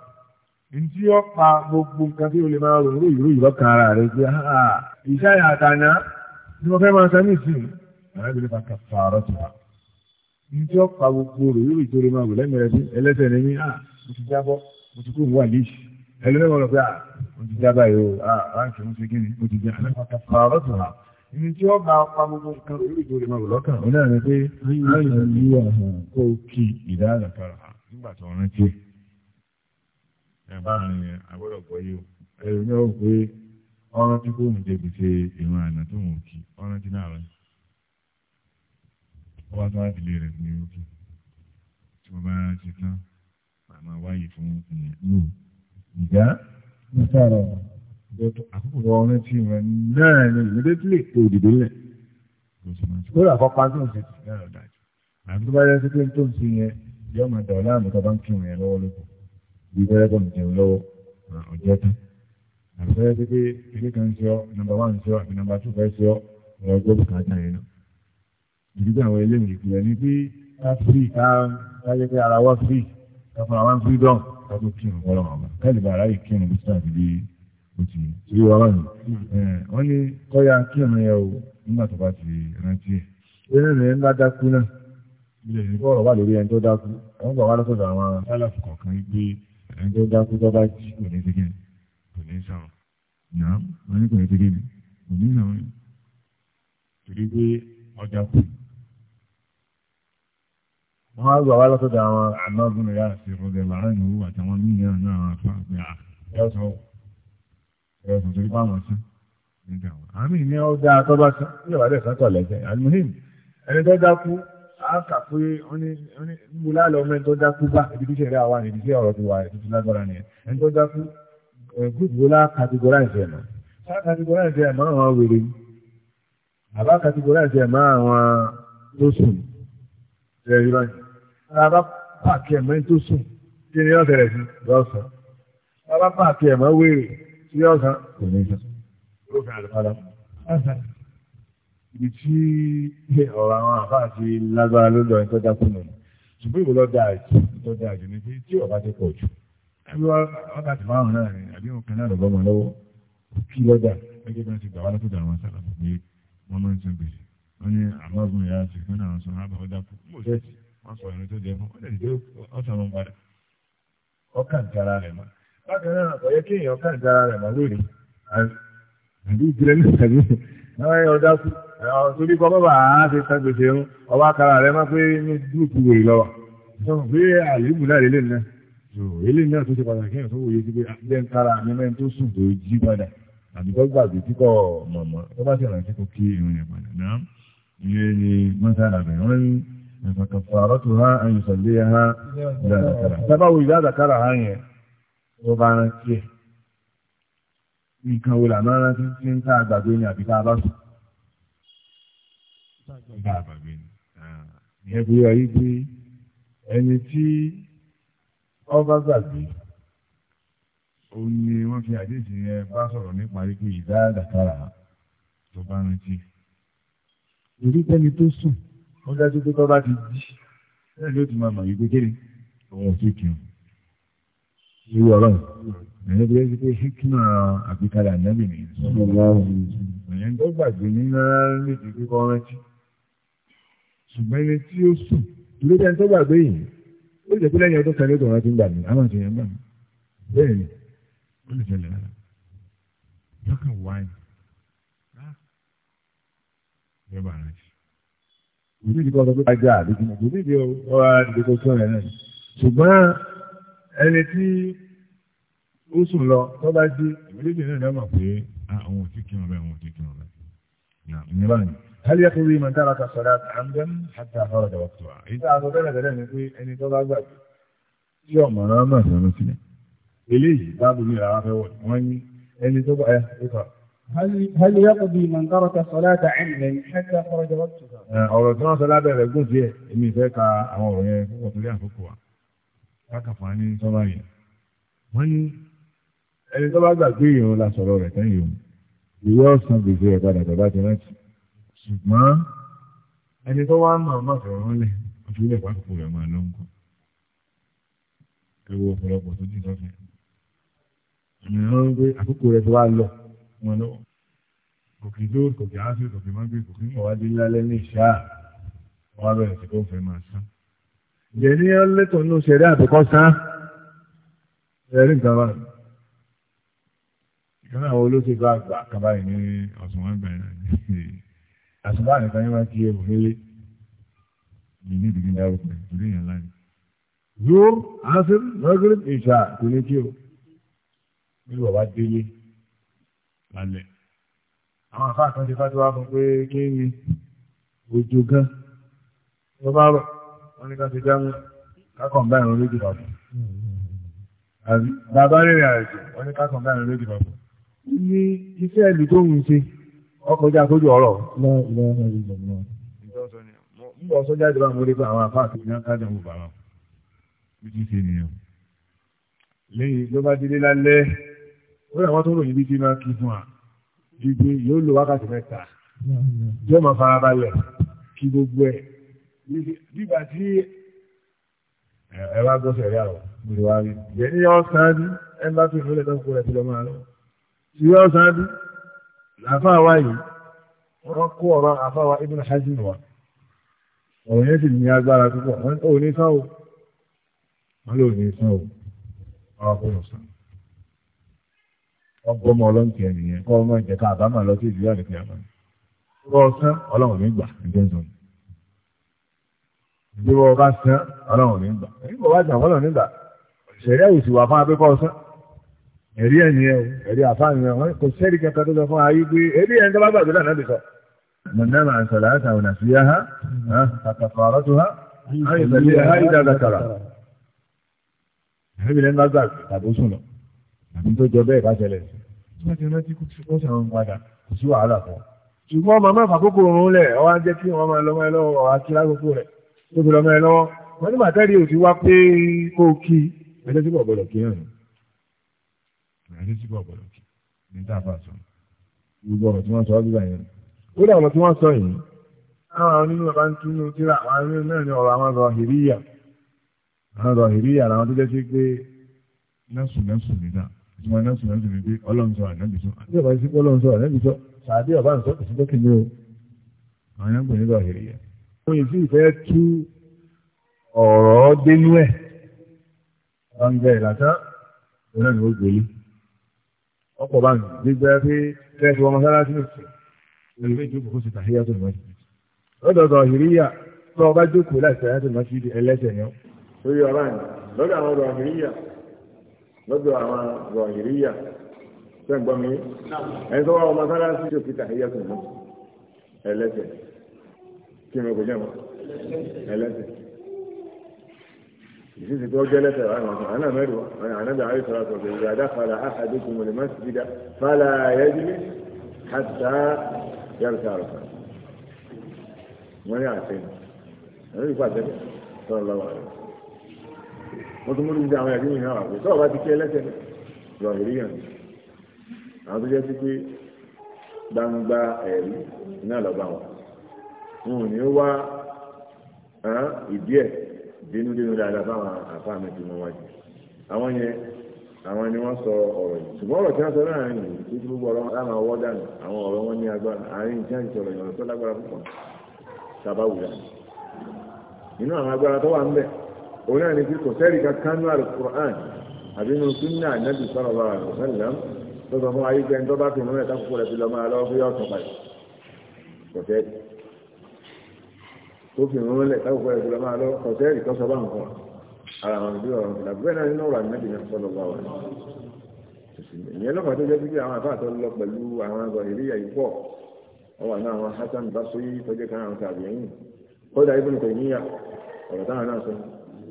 إن يقع مبوم كثير لما يروي يروي يبكى على رجلي ها إيشا يا تانا لما كما سميسي يعني من فكفارتها إن يقع مبوم يروي يروي ما يقول لما يروي إلا سنمي ها متجابه متكون واليش هل نقول لك ó ti dábà yóò ráǹkì ń ṣe kí ni ó ti jẹ́ àárọ̀ tó hà ibi tí ó máa pa gbogbo nǹkan orí ìgbòrè máa wò ó náà ní pé láyé ní àwọn kó kí ìdáàlà nígbà tó rántí ẹ̀ bá rìn yẹn àgbọ́dọ̀ yìí o ẹ̀rù ní ọ̀hún pé ọ̀rọ̀ tí kò ní débi ṣe ìran àná tó wọ́n kí ọ̀rọ̀ tí náà rẹ̀ ó wá tó láti lè ní òkè tí wọ́n bá ṣe tán màmá wáyé fún ìyẹn lù ìdá Nítorí àkókò lọ ọ̀rẹ́ tí wọ́n náà lè lè lè tó òdìdó lẹ̀. Lórí àkọ́pá tó ń sètì náà lọ dájú. Àbí tó bá yẹ sí pé tó ń sin yẹn, yọ máa dọ̀ láàmú tó bá ń kírun yẹn lọ́wọ́ lóko. Bí bẹ́rẹ̀ kọ́ mi jẹun lọ́wọ́ ọjọ́ tán. Àbí tó yẹ sí kan ń ni pé ká ká yẹ pé ara wa fírì káfọn àwọn freedom káfọn kírun wọ́n lọ́wọ́ ọba káàdì bàrà yìí kírun bí sáà bíi òtì tí wọ́n wà ní. wọ́n ní kọ́ya kírun yẹn o nígbà tó bá ti rántí ẹ̀. eré rẹ̀ ńlá dákú náà ilé ìlú bọ̀rọ̀ wà lórí ẹni tó dákú wọ́n gbà wá lọ́sọ̀dọ̀ àwọn sálàfù kọ̀ọ̀kan gbé ẹni tó dákú tó bá jí kò ní segin kò ní sàrùn. nàá wọ́n ní kò ní segin kò ní sàrùn. torí wọ́n á gbà wá lọ́sọ̀dọ̀ àwọn àlọ́gbọ̀n ìyá àti ìrọ̀lẹ̀ láàrin òwú àtàwọn míyàn náà àwọn afáàgbé ẹ̀sọ̀ ẹ̀sọ̀ torí pàmò sí nígbà wọn. àmì ní ó dáa tó bá sán yóò wá dẹ̀ sátọ̀ lẹ́sẹ̀ alimuhim ẹni tó dákú á kà pé níbo lálọ́ ọmọ ẹni tó dákú bá ibi tí ìṣẹ̀lẹ̀ àwa ni ibi tí ọ̀rọ̀ ti wà ẹni tó lágbára nìyẹn ẹni tó dákú gúdùgbò lá kàtìgóráìsì ẹ̀mọ́ sá rárá pààkì ẹ̀mọ́ tó sùn kí ni yóò tẹ̀lẹ̀ sí lọ́sàn rárá pààkì ẹ̀mọ́ wéèrè sí lọ́sàn kò ní sàn ó fẹ́ àlùfáàlà. ibi tí ọ̀rọ̀ àwọn àfáà ti lágbára ló lọ ẹni tó dákú ṣùgbọ́n ìwò lọ́ọ́ dáa jù tó ni pé tí ọ̀bá ti pọ̀ jù ẹbí wákàtí márùn-ún náà ni àbí òun kan náà lọ́gbọ́n mọ́ lọ́wọ́ kí lọ́dà ẹgbẹ́ bí ti gbà wá lọ́tọ̀dọ̀ àwọn sálà pé wọ́n máa ń san gbèsè wọ́n ní àmọ́ ọ̀gbìn ìyá àti ìpínlẹ̀ àwọn sọ̀rọ̀ àbáwọ́ dákú mọ̀ wọ́n sọ ìrìn tó jẹ fún wọ́n tẹ̀sí tó wọ́n sọ wọn padà ọkàn jara rẹ̀ mọ́ bákan náà kò yẹ kéèyàn ọkàn jara rẹ̀ mọ́ lórí àbí ìjìnlẹ̀ ní ìsàlẹ̀ náà yọ ọdá kú torí kọ́ bọ́bà á ti san gbèsè ń ọba kára rẹ̀ mọ́ pé ní gúrùpù wèrè lọ́wọ́ sọ pé àlébù náà lélẹ̀ náà eléyìí náà tó ṣe pàtàkì kéèyàn tó wòye sí pé bẹ́ẹ̀ ah, ń kára mi mẹ́rin tó sùn tó jí padà àbí tó gbàgbé tí kò mọ̀mọ́ tó bá ṣe ìrántí kò kí ìrìn ìpàdé náà ìyẹn ni mọ́tàlá bẹ̀rẹ̀ wọ́n ní fàkàfàrọ́tù ha àyùsọ̀lé ha ìdádàkàrà tábàwò ìdádàkàrà ha yẹn tó bá rántí ẹ̀ nǹkan wo là máa rántí tí ń tá àgbàgbé ni àbí tá a bá sùn. tá àgbàgbé ni ah. ìyẹn fi wáyé pé ẹni tí ọba gbàgbé òun ni wọ́n fi àdéhùn yẹn bá sọ̀rọ̀ nípa wípé ìdádàkàrà tó bá rántí. Èrí tẹ́ni tó sùn ó dájú pé tọ́ba ti jí ẹ̀ ló ti máa mọ̀ yìí kékeré òun ò sì kí wọn. irú ọlọ́run ẹ̀yìn tó yẹ pé hikima àgbékalẹ̀ ànábì ni ẹ̀yìn tó gbàgbé ní rárá méjì kíkọ́ rántí ṣùgbọ́n ẹni tí ó sùn lórí ẹni tó gbàgbé yìí ó lè pé lẹ́yìn ọdún kan lóògùn rántí gbà mí àwọn àti ẹ̀yìn gbà mí bẹ́ẹ̀ ni ó lè ṣẹlẹ̀ rárá lọ́kàn wáyé yọba rántí ìlú ìdíkọ́ sọ pé ajá àdéjúmọ́ kò ní ìdí ọwọ́ ìdíkọ́ sọ rẹ̀ náà ṣùgbọ́n ẹni tí ó sùn lọ tó bá jí ìmọ̀lẹ́bí náà lọ́mọ̀ pé àwọn ò ti kí wọn bẹ́ẹ̀ wọn ò ti kí wọn bẹ́ẹ̀ ìyẹn báyìí. هل يقضي من ترك الصلاة عمدا حتى خرج وقتها؟ إذا أردت أقول أن تضع yóò mọ̀ ọ́nà mọ̀ sọ́nà sílẹ̀. eléyìí báàbù mi rà á fẹ́ wọ̀ wọ́n ní هل هل يقضي من ترك صلاة علما حتى خرج وقتها؟ ọ̀rọ̀ tí wọ́n sọ lábẹ́ rẹ̀ gùn díẹ̀ èmi ìfẹ́ ka àwọn ọ̀rọ̀ yẹn púpọ̀ torí àkókò wa kákàfà ní sọ́ba yẹn wọ́n ní ẹni tó bá gbàgbé ìrún la sọ̀rọ̀ rẹ̀ tẹ́yìn òun ìwé ọ̀sán gbèsè rẹ̀ padà bàbá ti rántí ṣùgbọ́n ẹni tó wá ń mọ̀ ọmọ fẹ̀rẹ̀ wọn lẹ̀ ojú ilẹ̀ pàtàkì rẹ̀ máa ló ń kọ́ ọ̀pọ̀lọpọ̀ tó dín sọ́fẹ̀ ẹ̀mí wọn ń gbé àkókò rẹ̀ tó wá lọ wọn lọ́wọ́ kò kì í tó kò kì í áṣù kò kì í má gbé kò kì í mọ̀ wájú lálẹ́ ní ìṣá wọn bẹ̀rẹ̀ sí kó fẹ́ máa sán. ìjẹ́ ní lẹ́tọ̀ọ́ nínú ṣẹ̀rí àbíkọ́ sán ẹ̀rí nǹkan bá ìkan náà olóṣèlú àgbà kaba yìí ní ọ̀sùn wọn bẹ̀rẹ̀ àṣùbá nìkan yẹn máa kí ewu nílé yìí ní ìdílé arúgbó ìdílé yẹn láyé. zuur asir magrib ìṣà kò ní kí o. bí bàbá délé alẹ́ àwọn àfáà kan ti fàtí wá fún pé kí ni òjò gan ló bá rọ̀ wọ́n ní ká ti dáhùn kákan báyìí wọn lójú bàbá bàbá rìnrìn àjò wọ́n ní kákan báyìí wọn lójú bàbá ní iṣẹ́ ìlú tó ń ṣe ọkọjá sójú ọ̀rọ̀ mọ̀ sọ́jà ìjọba mo rí pé àwọn àfáà tó ní ákájà mo bàbá bí ti ṣe nìyẹn lẹ́yìn ló bá délé lálẹ́ ó yà wọ́n tó ròyìn bíbí máa kí fún wa bíbí yóò lo wákàtí mẹ́ta yóò máa farabalẹ̀ kí gbogbo ẹ̀ nígbà tí ẹ bá gbọ́ sẹ̀rí àwọ̀ gbèrè wa rí ìyẹn ní yọ sáájú ẹ bá fi ìfúnlẹ̀ náà kó rẹ̀ ti lọ máa lọ sí yọ sáájú làáfàá wa yìí wọ́n kó ọ̀rọ̀ àáfàá wa Ibn Hazm wa ọ̀rọ̀ yẹn sì ní agbára púpọ̀ wọ́n ní sáwò wọ́n lò ní sáwò ọ̀rọ̀ kò lọ sáwò. Ọ ọlọ́nkì ụmụ kọ́ ọmọ ìjẹ̀ka àbámà lọ sí ìlú àdìkì ọlọ́run gbà ìdíwọ́ ọba sán ọlọ́run gbà ọlọ́run gbà sì wà fún abẹ́kọ̀ ẹ̀rí ẹ̀yìn ẹ̀rí kò sẹ́rí tó lọ fún àbí tó jọ bẹ́ẹ̀ bá ṣẹlẹ̀ sí tí wọ́n ti rántí kó ti kọ́sà wọn padà kò sí wàhálà kan ṣùgbọ́n ọmọ máa fàkókò òun lẹ̀ ọwọ́ á jẹ́ kí wọ́n máa lọ́mọ ẹ lọ́wọ́ ọ̀há kí lákòókò rẹ̀ tó fi lọ́mọ ẹ lọ́wọ́ wọ́n ní màtẹ́rì ò ti wá pé kó o kí ẹjọ́ tí kò gbọdọ̀ kí náà ni ẹjọ́ tí kò gbọdọ̀ kí ní táàbà sọ gbogbo ọ̀rọ̀ tí wọ́n sọ ọ́ gbígbà yẹn ó dà ọ̀rọ̀ tí wọ́n sọ yìí àwọn onímọ̀ bá ń tún ní tíra àwọn onímọ̀ náà ní ọ̀rọ̀ àwọn zahiriyya àwọn zahiriyya làwọn tó jẹ́ sí pé násùnásùn nígbà ìtumọ̀ náà sùn náà sì ní pé ọlọ́run sọ ànábì sọ àti ọba sí ọlọ́run sọ ànábì sọ sàbí ọba ń sọ kò sí lókè ní o àwọn yẹn ń pè ní bàhìrì yẹn. wọ́n yìí sì fẹ́ tú ọ̀rọ̀ dénú ẹ̀ ọ̀ǹgẹ̀ ìlàtà ìrìnà ni ó gbélé e. ọ̀pọ̀ bá ń gbígbẹ́ pé fẹ́ẹ́ fi ọmọ òsì ẹlòmí ìjókòó sì tàhíyá lọ́dọ̀ àwọn rọ̀yìríyà tẹ́ ń gbọ́ mi ẹni tó wá ọmọ sára sí òkè tàhíyà tó mọ́ ẹlẹ́sẹ̀ kí ni o kò jẹ́ mọ́ ẹlẹ́sẹ̀ ìsísì tó jẹ́ lẹ́sẹ̀ àwọn ọmọ àná mẹ́rin wa ànábì àárí sọ̀rọ̀ sọ̀rọ̀ ìgbà dáfàlà àhàdé kùmù lè má sì dídá fàlà ayẹ́dílé hàtà yàrá wọ́n sọ̀rọ̀ wọ́n tún múlò níbi àwọn ẹ̀rí yìí náà àgbẹ̀ sọ́ọ̀ bá ti kí ẹlẹ́sẹ̀ lọ ìrí yàn ní àwọn tó jẹ́ sí pé gbangba ẹ̀rí náà lọ́ba wọn wọn ò ní wá ìdí ẹ̀ dénúdénú dáadáa fáwọn àfáàmì tí wọ́n wájú àwọn yẹn àwọn ni wọ́n sọ ọ̀rọ̀ yìí ṣùgbọ́n ọ̀rọ̀ tí wọ́n sọ láàrin yìí tí tí gbogbo ọ̀rọ̀ wọn láwọn ọwọ́ dànù àwọn ọ̀rọ̀ wọn ní agbára àárín tí wọ́n ti sọ̀rọ̀ tó lágbára púpọ̀ sábà wùdà nínú àwọn agbára tó wà ń bẹ̀ òun náà ní pé kò sẹ́rì kankan ní alukur'an àbí nínú sunna anabi sallallahu alaihi wasallam tó sọ fún ayé gbẹ́ ń tọ́ba fi múlẹ̀ tákùkù rẹ̀ fi lọ máa lọ́wọ́ fún yọ̀ ọ̀tọ̀ báyìí kò sẹ́rì tó fi múlẹ̀ tákùkù rẹ̀ fi lọ máa lọ́wọ́ kò sẹ́rì tó sọ bá nǹkan ara àwọn ìdí ọ̀rọ̀ ìlà bẹ́ẹ̀ náà nínú sallallahu alaihi wasallam ìyẹn lọ́kàn tó jẹ́ pé àwọn àbá àtọ́ lọ pẹ̀lú àwọn àgbọ̀ ìríyà yìí pọ̀ wọ́n wà náà àwọn Hasan Basri tó jẹ́ kan àwọn tàbí ẹ̀yìn kódà Ibn Taymiyyah ọ̀rọ̀ táwọn náà sọ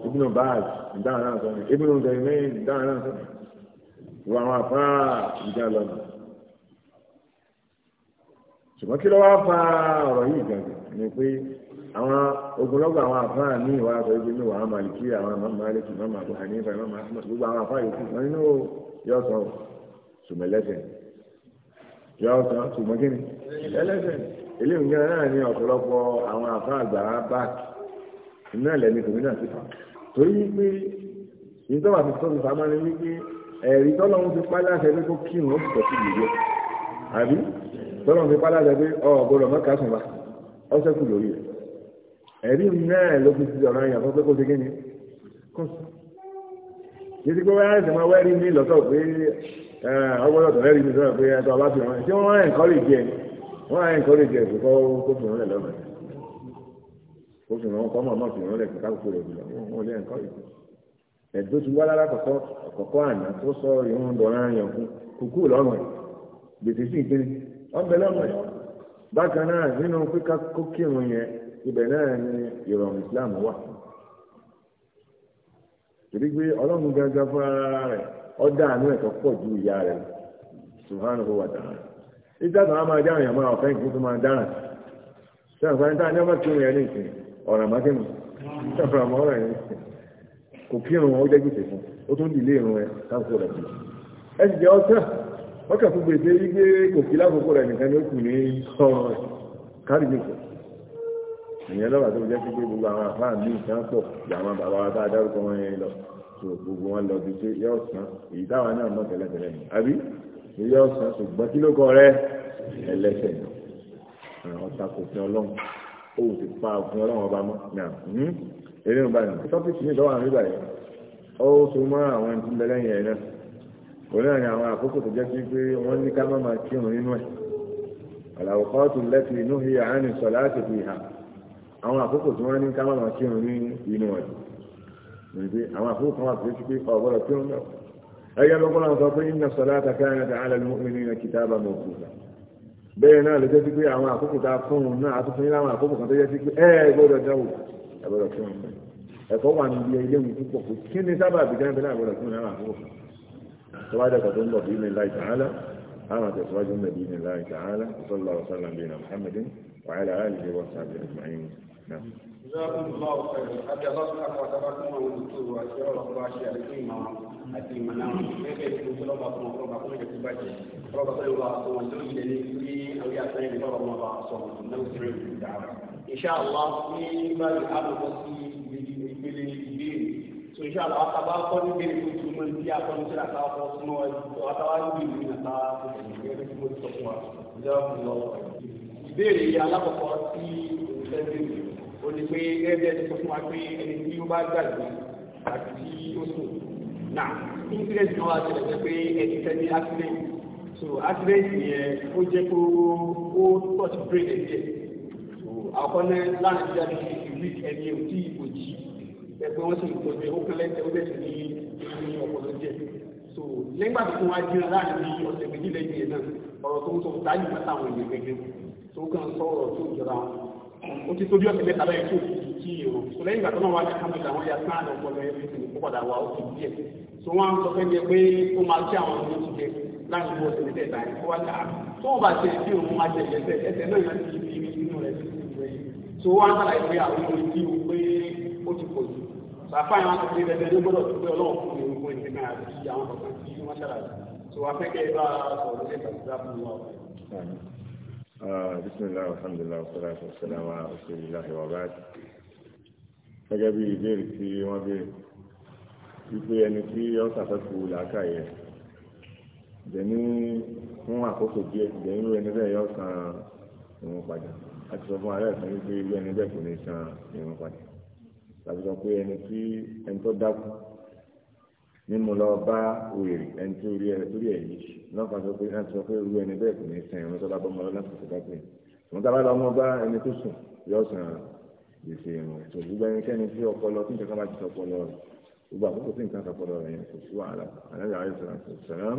ibùdó báàgì ìdáhùn náà sọ ní ibùdó tẹ̀lé ìdáhùn náà sọ ní ìwà àwọn afárá ìjà lọ́nà. ṣùgbọ́n kí ló wá fa ọ̀rọ̀ yìí gàgà ni pé àwọn ogunlọ́gbọ̀ àwọn afárá ní ìwà àgbà ibi ní wàhálà màlìkí àwọn màmálẹ́kì màmá àbúhà ní ìfẹ́ màmá gbogbo àwọn afárá yòókù wọn nínú yóò sọ sùmẹ̀lẹ́sẹ̀ yóò sọ sùmọ́kínì ẹlẹ́sẹ̀ eléyìí náà ní ọ̀pọ̀lọpọ̀ àwọn afárá àgbà báàkì iná lẹ́ni tòmínà sí fàkì torí wípé ìjọba àti sọ́dún sábà ní wípé ẹ̀rí tọ́lọ́run ti pálí àṣẹ pé kó kírun ó sì tọ́ sí ìlú àbí tọ́lọ́run ti pálí àṣẹ pé ọ̀ gbọ́dọ̀ mọ́ka sùn bá ọ sẹ́kù lórí rẹ̀ ẹ̀rí náà ló fi ti ọ̀rọ̀ yàn fún pé kó ṣe kí ni kó sùn. yìí pé wọ́n á sì máa wẹ́rí mi lọ́tọ̀ pé ọgbọ́dọ̀ tó rẹ́rí mi lọ́tọ̀ pé ẹ̀tọ́ ọba fi hàn ṣé wọ́n á ó sì rán ọkọ màmá fi rán lẹ́kọ̀ọ́ káàkó rẹ̀ jùlọ wọn lé ẹ̀kọ́ yìí ẹ̀dó ti wá lára kọ̀kọ́ ọ̀kọ̀kọ́ àná tó sọ ìwọ̀n fún kúkú lọ́rùn ẹ̀ gbèsè sí ọbẹ̀ lọ́rùn ẹ̀ bákan náà nínú pípa kókìrun yẹn ibẹ̀ náà ni ìrọ̀rùn Islam wà torí pé ọlọ́run fún ara rẹ̀ àánú ẹ̀kọ́ ju ìyá rẹ̀ a máa dáhùn yàrá ọ̀fẹ́ máa dáhùn tá a ọ̀ràn mákẹ́mù ṣàfihàn àmọ́ ọ̀ràn yẹn kò kí irun wọn ó jẹ́ gbèsè fún ó tún dìlé irun rẹ káàkó rẹ̀ jù ẹ sì jẹ́ ọ̀sán wọ́n kà fún gbèsè wípé kò kí lákòókò rẹ̀ nìkan ni ó kù ní ọ̀ràn rẹ̀ kárí gbèsè ìyẹn lọ́wọ́ tó jẹ́ pípé gbogbo àwọn àfáà ní ìtàn pọ̀ làwọn bàbá wa tá a dárúkọ wọn yẹn lọ tó gbogbo wọn lọ bíi pé yọ ọ̀sán èyí táwa náà mọ̀ tẹ́lẹ̀tẹ́lẹ̀ ni àbí yọ ọ̀sán ṣùgbọ́n ó sì pa òfin ọlọ́run ọba mọ́ na hmm? eré ń báyìí tọ́pìkì ní ìtọ́wà nígbà yìí ó so mọ́ àwọn ẹni tí ń bẹ lẹ́yìn ẹ̀ náà òun náà ni àwọn àkókò tó jẹ́ sí pé wọ́n ní ká má máa kírun nínú ẹ̀ lẹ́tì inú hi àánì sọ láti fi hà àwọn àkókò tí wọ́n ní ká má máa kírun ní inú ẹ̀ àwọn àkókò kan wà pé sí pé ọ̀gbọ́dọ̀ kírun náà bẹ́ẹ̀ náà ló jẹ́ sí pé àwọn àkókò tá a fún un náà àtúntò yín láwọn àkókò kan tó jẹ́ sí pé ẹ gbọ́dọ̀ dáwò ẹ gbọ́dọ̀ fún un ẹ̀kọ́ wà níbi ilé ìwé púpọ̀ kò kí ni sábà àbíjá bẹ́ẹ̀ náà gbọ́dọ̀ fún un láwọn àkókò kan tó bá dẹ̀kọ̀ tó ń bọ̀ bí ní láì tààlà àwọn àtẹ̀síwájú ń bẹ̀ bí ní láì tààlà sọ́lá ọ̀sálà bíi nà Muhammadin wàhálà aláìlè wọ́n sábẹ̀ ẹ̀gbọ̀nyìn náà. جزاكم الله خيرا حتى الله سبحانه وتعالى كما ونذكر واشياء واشياء الكريمه àti ìmọ̀nà ẹgbẹ́ ìfowópamọ́ ọ̀pọ̀lọpọ̀ àkọ́kọ́ àkọ́kọ́ ìjọba ìjọba ìjọba ìjọba ìjọba ìjọba ìjọba lórí àtẹ́yìn ní bọ́lá ọmọba sọ̀rọ̀ lọ́sẹ̀rẹ̀ ìdára. Inṣàlá ní báyìí a lọ bọ́ ìbéèrè. So inṣàlá àtàbá kọ́ ní bẹ́ẹ̀ tó túmọ̀ ní bí akọ́ni tí àtà kọ́ súnmọ́ àtàwá ní bíi ìlú àtà ìbéèrè alákọ̀ọ́kọ́ tí òṣìṣẹ́ bèèrè ó ní pé ẹgbẹ́ ti sọ fún wa pé ẹni tí ó bá gbàgbé àti tí ó sùn náà ní ìpínlẹ̀ ìdíwọ́ àti ẹ̀jẹ̀ pé ẹni tẹ́lẹ̀ accident so adirẹ́sì yẹn ó jẹ́ kó ó pọ̀ sí brain ẹ̀jẹ̀ so àkọlẹ́ láàrin ìjà ní ìlú ẹni òtí ìbòjì ẹgbẹ́ wọn sì ń tọ́jú ó kẹlẹ́ o lẹ́sì ní ní ọpọlọ jẹ so lẹ́gbà tó wá jẹ́ láàrin bí ọ̀sẹ̀ méjì lẹ́yìn yẹn náà ọ̀rọ̀ tó ń sọ táyì mẹ́ta àwọn èèyàn gẹ́gẹ́ tó kàn sọ̀rọ̀ tó jọra o ti tóbi ọ̀sẹ̀ mẹ́ta báyìí tó ti kí èrò so lẹ́yìn ìgbà tó náà wá jẹ́ kámẹ́ta wọn ya sáà lọ́pọ̀lọ́ ẹ̀ fi sì ní kó padà wá ó ti so wọ́n sọ fẹ́ láti bọ̀ sí ilé ìta ìfowó àtà tó o bá ṣe bí òun máa jẹ ẹsẹ̀ ẹsẹ̀ náà yẹn ti fi inú rẹ̀ sí ìwé yìí tó wá ń tàlà ìwé àwọn ojú o pé ó ti pọ̀ jù sàfáà yẹn wọn ti fi ẹgbẹ́ ló gbọ́dọ̀ tó pé ọlọ́run fún mi òun ìpín náà àti àwọn kọ̀ọ̀kan tí wọ́n ṣàlàyé tó wá fẹ́ kẹ́ ẹ bá sọ̀rọ̀ lókè tàbí sáfù ní wọn. bisimilahi alhamdulilayi wa salatu wa salam wa rasulillahi wa baad gẹ́gẹ́ bí ìbéèrè tí wọ́n béèrè wípé ẹni tí ó ṣàfẹ́kù làákàyè jẹ́ fún àkókò díẹ̀ jẹ́ irú ẹni yọ san ìwọ̀n padà a sọ fún ara ẹ̀sán wípé irú ẹni bẹ́ẹ̀ kò ní san ìwọ̀n padà tàbí sọ pé ẹni tí ẹni tó dákú mímú lọ bá òyèrè ẹni tí orí ẹ torí ẹ yìí lọ́kàn sọ pé láti sọ pé irú ẹni bẹ́ẹ̀ kò ní san ìwọ̀n tó bá bọ́ ọmọ láti sọ pé ìwọ̀n tó lọ ọmọ bá ẹni tó sùn yọ san gbèsè ìwọ̀n tó gbogbo ẹnikẹ́ni tí tí nǹkan kan tí nǹkan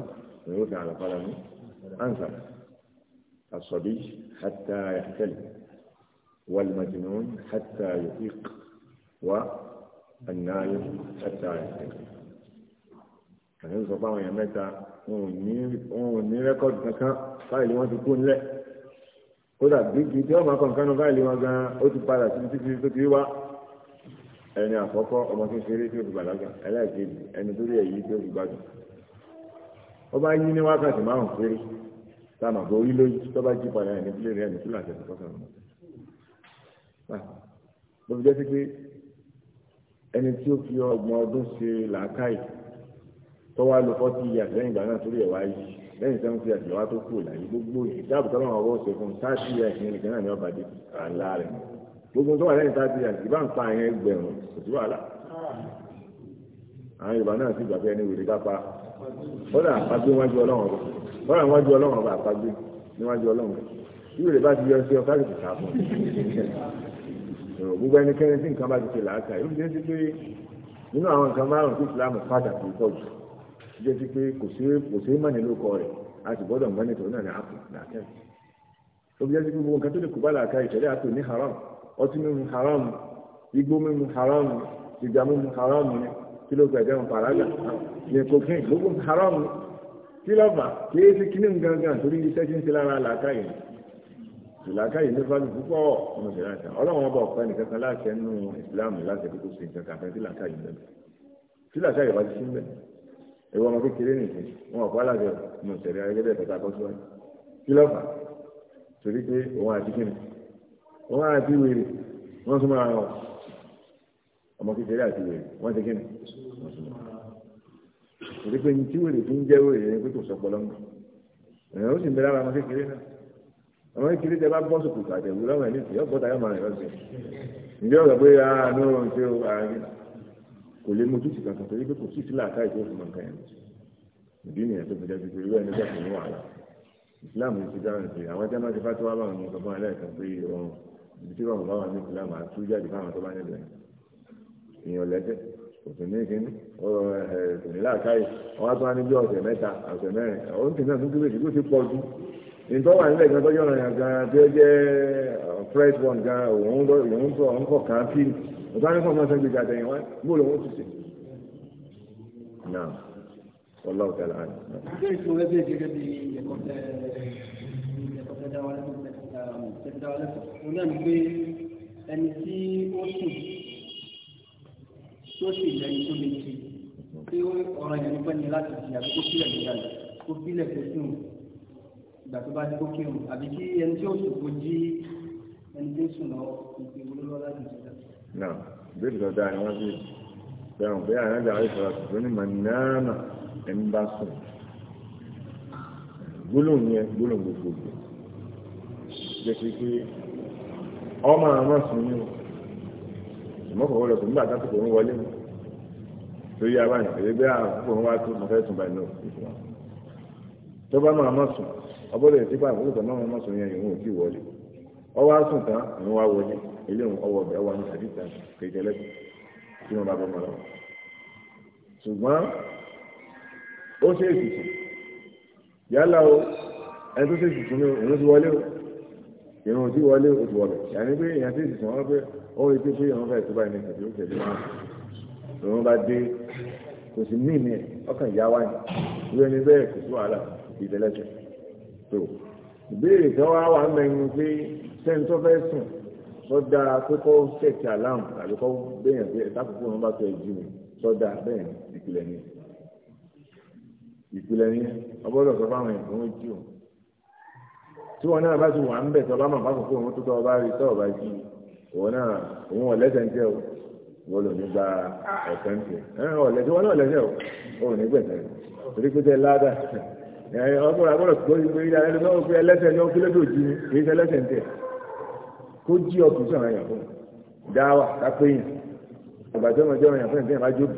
ويرد على قلمه أنثى الصبي حتى يحتلم والمجنون حتى يفيق والنائم حتى يحتلم kàní sọ fáwọn èèyàn mẹ́ta wọn ò ní rẹ́kọ̀dì kankan fáìlì wọn ti kú nílẹ̀ kódà gbígi tí wọ́n máa kàn kánú fáìlì wọn gan ó ti padà síbi títí tó ti wá ẹni àkọ́kọ́ ọmọ kékeré tí ó fi bàlágà ẹlẹ́ẹ̀kejì ẹni tó rí èyí tí ó fi gbádùn ó bá yí ní wákàtí márùn péré táwọn àbò orí lójú tó bá jí padà ní pílẹ̀ rẹ̀ ní pílẹ̀ àti ẹ̀sìn kọ́kàn mọ́. ló fi jẹ́ sí pé ẹni tí ó fi ọgbọ̀n ọdún ṣe làákàyè tó wá lọ fọ́tí ìyá lẹ́yìn ìgbà náà torí ẹ̀ wá yìí lẹ́yìn sẹ́wọ́n fi àtìlẹ́wá tó kù láyé gbogbo ìdáàbò tó lọ́wọ́ ọ̀ṣẹ̀ fún táàtì ìyá ìṣẹ̀lẹ̀ nìkan náà ni ọba dé àlá rẹ̀ gbogbo tó wà lẹ́yìn táàtì ìyá ìbá ń pa àyẹn ẹgbẹ̀rún kò sí wàhálà àwọn Yorùbá náà sì gbàgbé ẹni wèrè kápá bọ́dà àpagbé níwájú ọlọ́run ọba bọ́dà níwájú ọlọ́run ọba àpagbé níwájú ọlọ́run yóò lè bá ti yọ sí ọ káàkiri sàbọ gbogbo ẹnikẹ́ni tí nǹkan bá ti ṣe làákà yóò jẹ́ sí pé nínú àwọn nǹkan márùn tí ìsìlámù pàtàkì pọ̀ jù jẹ́ sí pé kò sí kò sí mọ́ni lóko rẹ̀ a sì gbọ́dọ̀ mọ́ni tó náà ní àpò làákà yìí ó jẹ́ sí pé gbogbo nǹkan tó lè kó bá làákà yìí tẹ̀lé àpò ní haram ọtí mímu haram igbó mímu haram ìgbà mímu haram ni kí ló gbẹ̀jẹ̀ ń faraga ní cocaine gbogbo haram kí ló fà kí é sí kíní gangan torí iṣẹ́ tí ń ṣe lára làákà yìí ìlàkà yìí ní fáwọn púpọ̀ ọmọ ìṣẹ̀lẹ̀ àti ọlọ́run ọba ọ̀pẹ nìkan kan láti ẹnu ìsìláàmù láti ẹ̀kọ́ sí nǹkan kan tí làákà yìí bẹ̀rẹ̀ tí làákà yìí wá ti sí ń bẹ̀ ẹ̀rọ ọmọ kékeré nìkan wọn ọ̀pọ̀ alájọ ọmọ ìṣẹ̀lẹ̀ ayẹyẹdẹ ẹ̀kọ́ tá kí ló fà torí pé òun àti kíni òun àti wèrè wọ́n tún máa rọ̀ ọmọ kékeré àti wèrè wọ́n ti kíni wọ́n ti mọ̀ torí pé tí wèrè fi ń jẹ́ wèrè ni pé kò sọpọ̀ lọ́mọ ẹ̀rọ ó sì ń bẹ lára ọmọ kékeré náà ọmọ kékeré tẹ bá bọ́ sòkòtò àtẹ̀wò lọ́wọ́ ẹ̀ nítorí ọ̀pọ̀ tayọ́ mọ̀ rẹ̀ lọ́sẹ̀ ǹjẹ́ ọ̀rọ̀ pé ah no ṣé o àárín ah, kò lè mojú sí kankan torí pé kò sí sílá àká ìjọ fún nǹkan yẹn ìdí nìyẹn tó fi jẹ́ pípé ẹni Islam ti dáhùn pé àwọn tẹ́lá ti fá tó wá báwọn ọmọ ọgbọ́n ẹlẹ́ẹ̀kan pé ọ̀hún ibi tí wọn bá wà èèyàn lẹ́sẹ̀ kò sì ní kíní kò ní láàkáyè wọn á tún á ní bí ọ̀sẹ̀ mẹ́ta ọ̀sẹ̀ mẹ́rin òun kì í náà tún kí lóṣù tó ti pọ̀ ju nítorí wà nílẹ̀ gan tọ́jú ọ̀ràn yàn gan tó jẹ́ uh, fresh one gan òun tó òun kọ̀ kan kí ọ̀tá ní fọ́nmọ́ sẹ́gbẹ̀ gàdẹ̀ yẹn wọ́n gbọ́ lòun tún sí. náà ọlọ́run tẹ̀lé àná. ṣé ìṣòro ẹgbẹ́ gẹ́gẹ́ bí ẹ̀kọ́ tẹ ẹ̀kọ́ tẹ dáwọ́lẹ́sọ̀ tẹ dáwọ́lẹ́sọ̀ òun náà ní pé ẹni tí ó sùn tí ó sì lẹ́yìn tó lè ti tí ọ̀rọ̀ yẹn ló fẹ́ ní láti di àbí kó sílẹ̀ nígbà yìí kó sílẹ̀ kó sùn ìgbà tó bá ní kó kírun àbí kí ẹni tí ó sùn kó jí ẹni tí ó sùn lọ ìpè wọlé lọ láti ìjọba. náà bẹ́ẹ̀ lọ dáa ni wọ́n fi dáhùn bẹ́ẹ̀ àyájọ́ àwọn ìfọ̀rọ̀ tuntun ní màníàmà ẹni bá sùn gbólóhùn yẹn gbólóhùn gbogbogbò ọmọ àwọn sùn ní ṣùgbọ́n fọwọ́ lọ sọ nígbà tán kòkòrò ń wọlé mi lórí abáyé èyí bí àwọn kòkòrò ń wá tó mọ̀fẹ́ tún báyìí náà fi wọn. tó bá máa mọ̀ sùn ọbọ̀lẹ̀ tí bá àbúrò tán máa mọ̀ sùn yẹn ìhun òkè wọlé ọwọ́ àsùn tán ìhun wá wọlé ilé ọwọ́ ọbẹ̀ wà ní sàdíta kejì ẹlẹ́kùn tí wọ́n bá bọ́ mọ́ lọ́wọ́. ṣùgbọ́n ó ṣe èsì yálà o ẹni tó ṣe èsì irun tí wọlé oṣù wọlé yàní pé èèyàn ti sùn wọn pé ó rí pé pé ìrun fẹ́ẹ̀ tó báyìí ní ìtàjú òkèlè wọn ìrun bá dé kò sí ní ìní ọkàn ìyá wáyé ìwé ni bẹ́ẹ̀ kò sí wàhálà ìdẹ́lẹ́sẹ̀ tó ìbéèrè kan wá wà mẹ́rin pé sẹ́ńtọ́ fẹ́ sùn sọ́dà kókó ṣèkì àlámù tàbí kó bẹ́yàn pé ìtàkùkù wọn bá tó ẹ jí mi sọ́dà bẹ́ẹ̀ ìpìlẹ̀ ni ìpìlẹ̀ ni ọgbọ́dọ̀ sọ fáwọn èèyàn tó ń jí òun tí wọn náà bá ti wà ń bẹ̀ tọ́ bá mọ̀ bá kókó òun tó tọ́ ọba rí tọ́ ọba jí òun náà òun ọ̀lẹ́sẹ̀ ń tẹ́ o wọ́n lò ní gba ẹ̀sẹ̀ ń tẹ̀ ọ̀lẹ́sẹ̀ wọn náà ọ̀lẹ́sẹ̀ o òun ní gbẹ̀sẹ̀ torí pé tẹ ládà ọgbọ́n àgbọ̀rọ̀ tó yí pé ilé ẹni náà fi ẹlẹ́sẹ̀ ní ọkùnrin lójú ni kì í ṣe ẹlẹ́sẹ̀ ń tẹ̀ kó jí ọkùnrin sọ̀rọ̀ yàn fún dáwà kápẹ́yìn ìbàjẹ́ ọmọdé ọmọ yàn fún ìdíyàn bá jóbi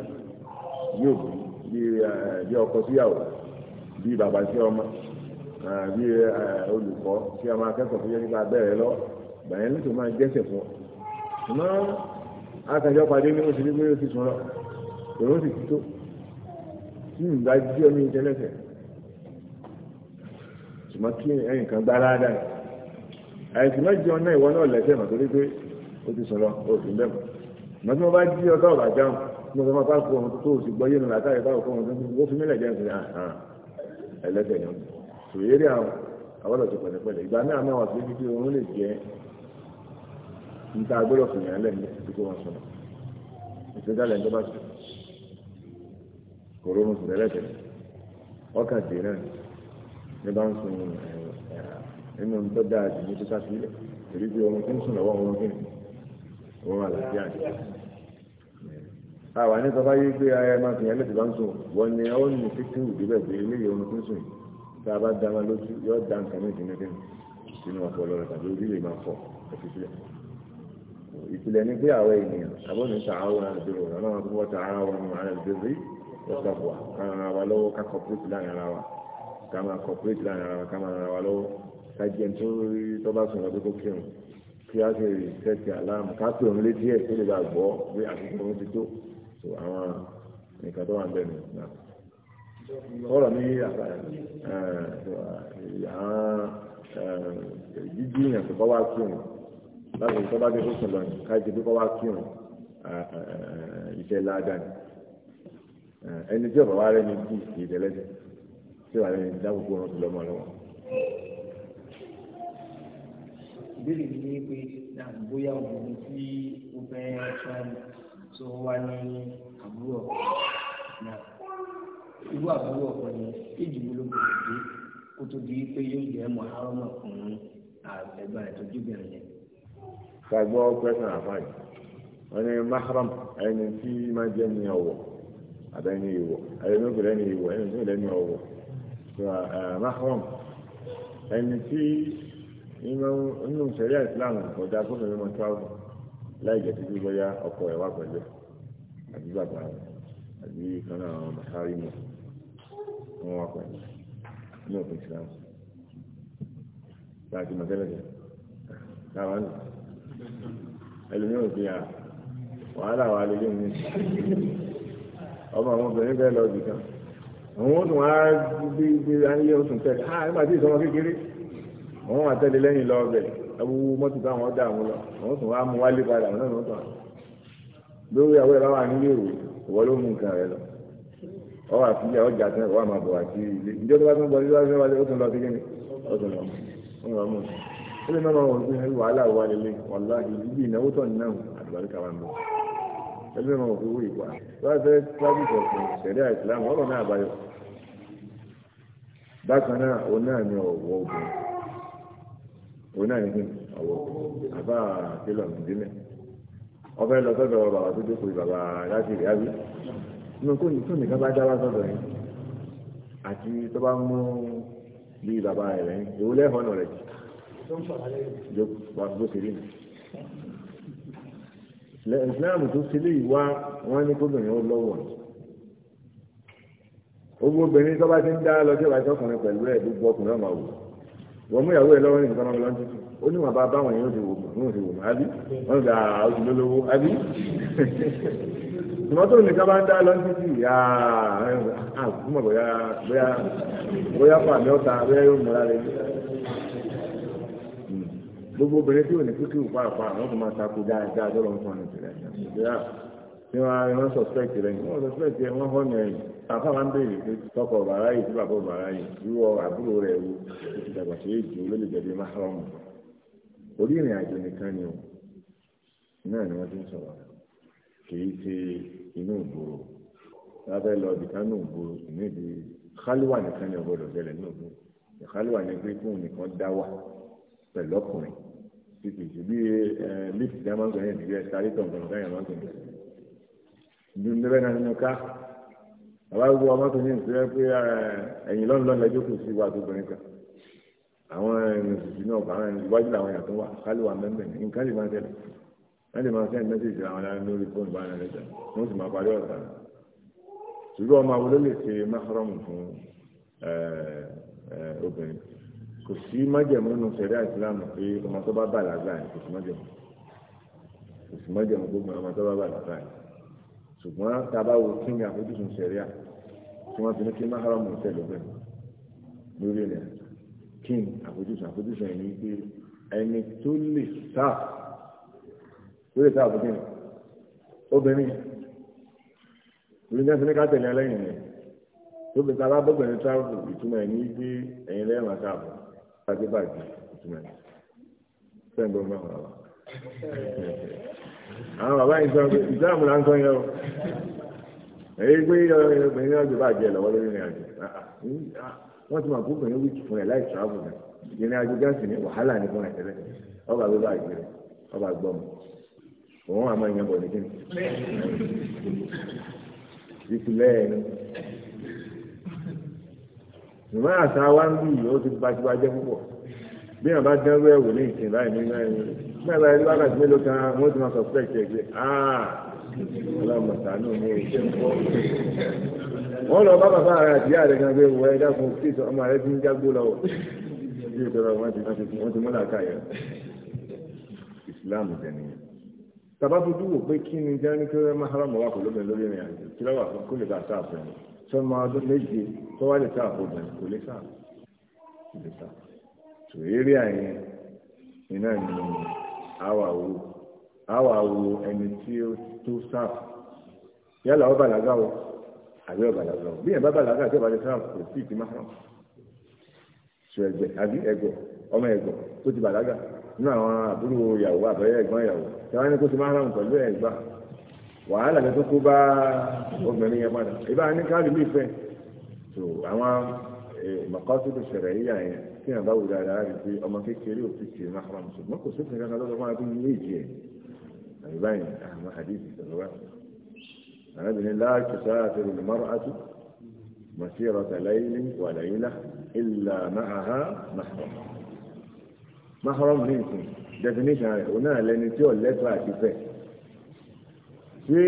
yóò bí ọkọ síyàwó bí bí olùkọ́ tí a máa kẹ́kọ̀ọ́ fún yẹn nípa abẹ́rẹ́ lọ gbàyẹn lóṣù máa jẹ́sẹ̀ fún ọ. ṣùgbọ́n akàjọ pàdé ní oṣù nígbà yóò ti sùn lọ èrò sì ti tó tí n bá jí ọmọ ìjẹ lẹ́sẹ̀ ṣùgbọ́n kí ẹnì kan gbá ládàá àìsàn má jẹun náà ìwọ náà lẹ́sẹ̀ mà torí pé ó ti sùn lọ ó sì ń bẹ̀ mọ́ tí wọ́n bá jí ọtọ́ ọ̀bà jáwọn mo sọ ma bá kó ọmọ tó tó o sì gbọ́ yé mi látàrí báwo kó ọmọ tó ń sòyéré àwọn àwọn ọ̀dọ̀ pẹ̀lẹ́pẹ̀lẹ́ ìgbà náà máa wà sí ibi tí òun lè jẹ́ níta agbọ́dọ̀ fìyàn lẹ́nu tí kò wọ́n sọ̀rọ̀ ìṣẹ́jálẹ̀ ń tọ́ba sùn kòrónù sùn lẹ́lẹ́tẹ̀ ọkà dè náà ní bá ń sun nínú tó dáa jù ní títà sílẹ̀ torí pé ohun tí ń sùn lọ́wọ́ ohun kìnnì òun àlàáfíà ni. àwa ní sọ fáyé pé ayé máa fìyàn lẹ́tẹ̀ bá ń sùn wọ́n ní ọ́n ní fífún ìdíbẹ̀ pé tá a bá dá wọn lójú yóò dá nǹkan méjì ní kíni sínú ọpọlọ rẹ tàbí orí lè máa fọ ẹfi sílẹ̀ ìpìlẹ̀ ní pé àwọn ènìyàn àbọ̀nì sàáwọn àdúrò ọ̀nà wọn tó wọ́n sàáwọn àrẹ ìdírí ọ̀sàbùà káwọn ara wa lọ́wọ́ ká kọ̀pẹ́tì láàrin ara wa ká máa kọ̀pẹ́tì láàrin ara wa ká máa ara wa lọ́wọ́ ká jẹ́ tó rí tó bá sùn rí sẹ́ẹ̀tì ọ̀rọ̀ ní àwọn jíjí èèyàn tó kọ́ wá kírun láti tó bá dé tó sùn lọ káàkiri tó kọ́ wá kírun iṣẹ́ ládàá ẹni tí ọ̀rọ̀ wá rẹ̀ ní bí ìdẹ́lẹ́sẹ̀ tí wàá rẹ̀ ní wọn fi lọ́mọ lọ́wọ́. ìbéèrè mi ni pé bóyá obìnrin tí ó fẹ́ ṣáà tó wá ní àbúrò náà irú àbúrò ọkọ ni èjì wo ló kò lè dé kó tó di pé yóò jẹ́ mọ̀ àrọ́mọ̀ fún ẹgbẹ́ ìtọ́jú bẹ̀rẹ̀ yẹn. gbàgbọ́ pẹ́sàn àfáì wọ́n ní mahram ẹni tí máa jẹ́ ní ọ̀wọ̀ àbẹ́ni ìwọ̀ ẹni tó kò lẹ́ni ìwọ̀ ẹni tó lẹ́ni ọ̀wọ̀ uh, uh, mahram ẹni tí inú sẹ̀ríà ìsìláàmù kọjá kó fẹ́ẹ́ mọ́ tíwájú láì jẹ́ títí bóyá ọkọ ẹ̀ wá pẹ̀lú àbí bàbá rẹ̀ àbí kan náà mọ̀sárí mọ̀ wọn wá pẹ̀lú ní òpin islam láti mọ̀ tẹ́lẹ̀ táwa ń lò ẹlòmíràn fi hàn wàhálà wà lè léwu ọmọ àwọn obìnrin bẹ́ẹ̀ lọ jù kan àwọn ó tún wá bí bí ayé ó tún tẹ̀lé ah nígbà tí ìsọmọ kékeré àwọn wà tẹ̀lé lẹ́yìn lọ bẹ̀ ẹwu mọ́tò táwọn ọ̀dà àwọn lọ àwọn tún wá mú wálé padà àwọn náà lọ́tọ̀ lórí àwọn ìlànà nílé ìwé ìwọ ló rẹ lọ ọwọ́ àti ilé ọjà tán ìwà máa bọ̀ àti ilé ìjọ tó bá tún bọ̀ nígbà tó wálé ó tún lọ sí kíni ó tún lọ ń lọ mú ó lè má máa wọ̀ pé wàhálà wà lélẹ̀ wàhálà ìdíbí ìnáwó tọ̀ náà àdùbáríkà wà ń bọ̀ ó lè má wọ̀ pé wúrì pa wọ́n fẹ́ sábìsì ọ̀sìn àìsílámù ọ̀rọ̀ náà àbáyọ bákan náà òun náà ni ọ̀wọ́ obìnrin òun náà ni kíni ọ̀wọ́ àbá kílọ̀ nìdílẹ̀ ọbẹ̀ lọ sọ́dọ̀ bàbá tó dé inú kò ní tún nìkan bá dá wá sọ́dọ̀ yín àti tó bá mú bí bàbá rẹ̀ yín èwo lẹ́hàn rẹ̀ jù wà bó ṣe rí mi ìsìláàmù tó ṣe lè wá wọn ní kóbìnrin ó lọ́wọ́ gbogbo obìnrin tó bá ti ń dá lọ sí ọkùnrin pẹ̀lú ẹ̀ gbogbo ọkùnrin ọmọ wò wọ́n mú ìyàwó ẹ̀ lọ́wọ́ ní nǹkan ọmọ lọ́ńtì ó ní wọn bá báwọn yẹn ó ti wò mọ́ ó ti wò mọ́ àbí wọ́n gbà (laughs) á tòmátò nìkan bá ń dá lọ títí àgùnmọ̀ bóyá bóyá bóyá pàmì ọ̀tá bóyá yóò múra rẹ gbogbo obìnrin tí ò ní kúkú pàápàá àwọn tó máa takò dáadáa lọ́rọ̀ ń fọ́n ní ìpìlẹ̀ ìpìlẹ̀ ní wọn wọn suspect rẹ ní wọn suspect rẹ wọn hàn ẹ àfa máa ń béèrè pé tọkọ bàrà yìí tí bàbá bàrà yìí wíwọ àbúrò rẹ wo ìdàgbà tó yé jù lórí ìjẹbi máa hàn mọ orí ìrìn àjò nìkan ni o náà ni wọn ti ń sọ̀rọ̀ kì í ṣe inú ìgboro lábẹ́ lọ ibìkan ní ìgboro ìní ìdí kálíwà nìkan ni ọgbọ́dọ̀ bẹ̀rẹ̀ ní ìgboro kálíwà ni pé fóun nìkan dá wà pẹ̀lú ọkùnrin títí tí bí lift dá máa ń gbẹ̀yìn níbi ẹ̀ sáré tọ̀ nǹkan káyà máa ń gbẹ̀yìn bí ní bẹ́ẹ̀ náà nínú ká bàbá gbogbo ọmọ tó ní ìpínlẹ̀ pé ẹ̀yìn lọ́nlọ́n lẹ́jọ́ kù sí wa tó bẹ̀rẹ̀ kan àwọn ẹ̀rìn òṣìṣẹ́ náà bàbá iwájú làwọn yàtọ̀ wà kálíwà mẹ́mẹ́ nǹkan lè máa tẹ̀lé wọ́n lè máa send message àwọn aláàánú lórí fóònù bá nàlẹ́ jà wọ́n sì máa parí ọ̀tá ṣùgbọ́n ọmọ àwọn ló lè ṣe mahram fún obìnrin kò sí májẹ̀mú nínú sẹ̀ríà ìsìlámù pé ọmọ tó bá bàlágà ni kò sí májẹ̀mú kò sí májẹ̀mú gbogbo ọmọ tó bá bàlágà ni ṣùgbọ́n tá a bá wo kí ni àfojúsùn sẹ̀ríà tí wọ́n fi ní lórí ìta àbúkẹ́ obìnrin lórí ìjọba ní ká tẹ̀lé ẹlẹ́yìn rẹ̀ tóbi tá a bá bọ́gbẹ̀rẹ̀ tíráfù ìtumọ̀ ẹ̀ ní gbé ẹ̀yìn lẹ́yìn máa ká àbọ̀ bàjẹ́ bàjẹ́ ìtumọ̀ ẹ̀ sẹ́yìn gbọ́n máa wà wá. àwọn bàbá yìí sọ pé ìsìláàmù là ń sọ yẹn o èyí pé obìnrin ọjọ́ bàjẹ́ lọ́wọ́ lórí ìrìn àjò ah, ah. wọ́n ti máa kó obìnrin wíìkì fún ẹ̀ láì tíráfù náà ìrìn àjò gáàsì ní wàhálà ní fún ẹ̀ tẹ́lẹ̀ ọba òun àmọ́ ìyẹn bọ̀ nìkan ìpìlẹ̀ ìmọ̀ àṣà wa ń bí ó ti bá tiwa jẹ́ púpọ̀ bí wọn bá dánwó ẹ̀wò ní ìsìn láì ní láì ní bẹ́ẹ̀ bá ẹgbẹ́ àti mélòó kan wọ́n ti máa sọ̀pẹ́ẹ̀tì ẹ̀gbẹ́ áà ah, ọlọ́mọ sàánú ní ìṣe ń bọ́. wọ́n lọ bá bàbá rẹ̀ àti ìyá rẹ̀ gan pé wọ ẹja fún kí ọmọ rẹ̀ ti ń jágbó lọ́wọ́ bí ìtọ́ra wọn ti wọ́n ti múlà káyọ̀ ìsìláàmù nìyẹn. tàbá fojú wò pé kí ni jẹ́ wa kí wọ́n máa haram wà kò wa lórí ìrìn àjò kí lọ́wọ́ àfọ kó lè bá le fún ẹni tó máa ọdún méje tó wá lè sáà wo àwà wo ẹni tí ó tó sáà yálà o àbí ó bàlágà o bí yẹn bá bàlágà ti nínú àwọn àbúrò ìyàwó àbẹ́rẹ́ ẹ̀gbọ́n ìyàwó tí wọ́n ní kó ti máa ràn pẹ̀lú ẹ̀ gbà wàhálà kan tó kó bá obìnrin yẹn padà ìbá ní káàdì bí ìfẹ́ tó àwọn mọ̀kọ́sí tó ṣẹlẹ̀ yíyà yẹn tí yàn bá wù dáadáa rẹ̀ pé ọmọ kékeré ò ti ṣe mahram ṣùgbọ́n kò sófin kankan lọ́dọ̀ máa bí ilé ìjì ẹ̀ àyíbá yẹn àwọn àdìsí sọ̀rọ̀ wá arábìnrin láàkì sáà ti rìn mọ́rọ̀ àti masírọ̀tà láyé wà láyé lá ìlà máa ha mahram mahram ní ìsìn definition rẹ̀ òun náà lẹni tí ò lẹ́tọ̀ àti fẹ́ ṣé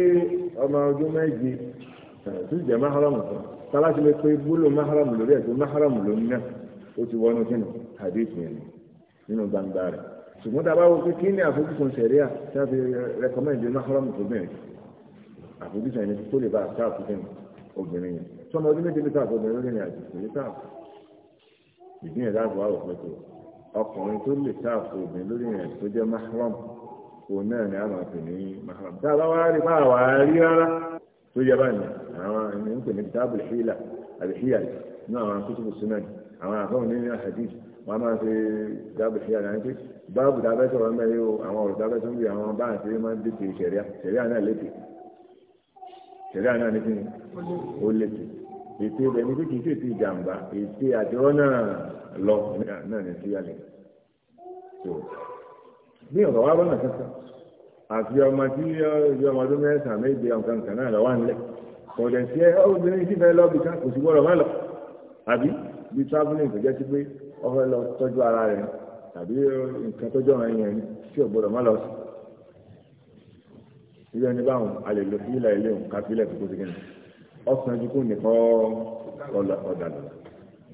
ọmọ ọdún méje tí jẹ́ mahram kan tálá ti lè pe gbólò mahram lórí ẹ̀sìn mahram ló ń ná ó ti wọnú sínú hadith yẹn nínú gbangba rẹ̀ ṣùgbọ́n tá a bá wo pé kí ni àfojúsùn sẹ̀ríà tí a fi rẹkọmẹ́ndì mahram tó bẹ̀rẹ̀ àfojúsùn ẹni tó lè bá a sáà fún obìnrin yẹn tọmọ ọdún méje lè sáà fún obìnrin lórí ẹ̀sìn ìdí ẹ̀dá àbúrò àwọn ọkùnrin tó lè sáàfù obìnrin lórí ìrìn tó jẹ́ mahram òun náà ni a máa pè ní mahram tá a bá wá rí bá wà á rí rárá tó yẹ báyìí àwọn ẹni ń pè ní dáàbò ìhìlà àbí híyà ní àwọn kútùbù súnà ní àwọn àfọwọ́n ní àhàdìs wọn máa ṣe dáàbò ìhìlà náà pé báàbù dábẹ́ sọ̀rọ̀ ń bẹ́ẹ̀ o àwọn ọ̀rọ̀ dábẹ́ sọ̀rọ̀ ń bí àwọn bá àti máa ń dìtì ṣẹ̀ríà ṣẹ̀ríà náà létè ṣẹ̀ríà náà ní kí ni ó létè ètè rẹ̀ ní pé kì í ṣètè ìjàmbá ètè àjọ náà lọ náà ní síyàlẹ̀ tó bí ọ̀rọ̀ wa bọ́nà kankan àfi ọmọ tí yọ ọmọ ọdún mẹ́sàn-án méje ọ̀kan kan náà lọ́wọ́ nílẹ̀ kò dẹ̀ sí ẹ obìnrin tí fẹ́ lọ bí kan kò sí gbọ́dọ̀ má lọ àbí bí traveling kò jẹ́ sí pé ọfẹ́ lọ tọ́jú ara rẹ̀ tàbí nǹkan tọ́jú ọ̀ràn yẹn tí ò gbọ́dọ̀ má lọ sí. irú ẹni báwọn a sí ilà ilé òun ká sílẹ̀ tó kó sí kẹ́ni ọ̀sán ju kó nìkọ́ ọ̀dà lọ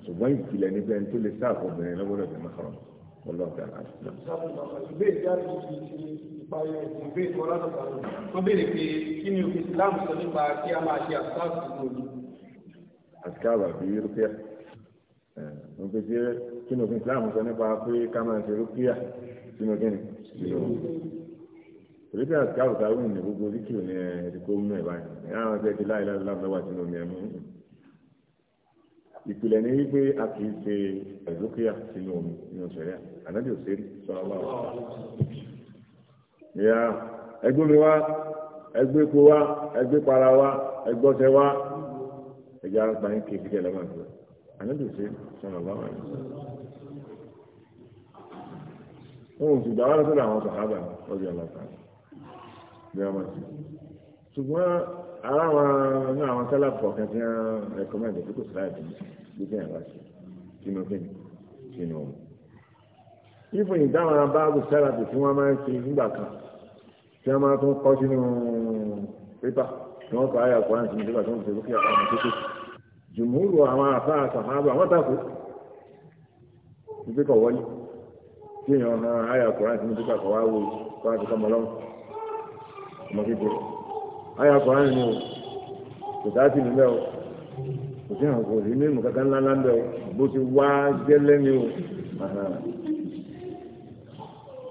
ṣùgbọ́n ìpìlẹ̀ níbẹ̀ tó lè sáà fún obìnrin lọ́wọ́ lọ́dẹ̀ mọ́kànlá ọlọ́ọ̀dà láti. ìbéèrè jáde ti ìparí ìbéèrè kọ́lá tó béèrè pé kí ni òfin Islam sọ nípa kí a máa ṣe àtúntàkì lórí. àtikáàbà bíi rúpíà mo pe ṣe kí ni òfin Islam sọ nípa pé ká máa ṣe rúpíà sínú kí ni. torí pé àti àwùjọ àwọn ènìyàn gbogbo oríkìlò ní ẹ̀ẹ́dẹ́gbó mú ẹ̀ báyìí ẹ̀yà àwọn ọ̀sẹ̀ ti láìláì lámẹ́wàá sínú omi ẹ̀mú ìpìlẹ̀ ní wípé a kì í ṣe ẹ̀dókíyà sínú omi nínú ìṣẹ̀lẹ̀ ànábì òṣèré sọ̀rọ̀ wà. ìyá ẹgbẹ́ mi wá ẹgbẹ́ epo wá ẹgbẹ́ para wá ẹgbọ́sẹ̀ wá ẹ̀jẹ̀ kéèké ànábì àwọn bí wọ́n máa ti. ṣùgbọ́n ara wọn ní àwọn sálàpù ọ̀kan tí wọ́n rẹ̀kọ́mẹ́ndì tí kò sí láì dùn bí sínú kí ni sínú òun. ìfò ìdáwọn báàbù sálàpù tí wọ́n máa ń ṣe nígbà kan tí wọ́n máa tún kọ́ sínú pépà tí wọ́n kọ́ ayà kọ́ra sínú pépà tí wọ́n fi lókè àwọn ọmọ kékeré. jùmúrù àwọn àfa àtàwọn àwọn tako ìgbékọ̀ wọlé tí èèyàn máa ayà kọ́ra sínú pépà kọ́ wá wo kọ́ ọmọ kékeré ayé akọrin ni o kò dá sí o kò sí àwọn kò sí mímu kankan ńlá ńlá ńbẹ o bó ti wá gẹ́lẹ́ ni o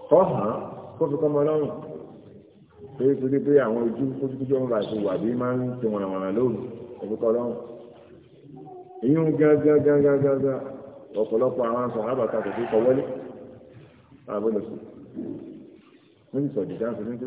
kọ́ hàn kó fi kọ́ lọ́rùn pé torí pé àwọn ojú ojúkújú ọmọ bàtí wà bí máa ń ti wọ̀nàwọ̀nà lóru kò kọ́ lọ́rùn èyí ń gángan gángan gángan ọ̀pọ̀lọpọ̀ àwọn aṣọ àbàtà kò fi kọ́ wọlé àbọ̀lọ̀sọ̀ wọ́n ti dáńsọ̀ ní pé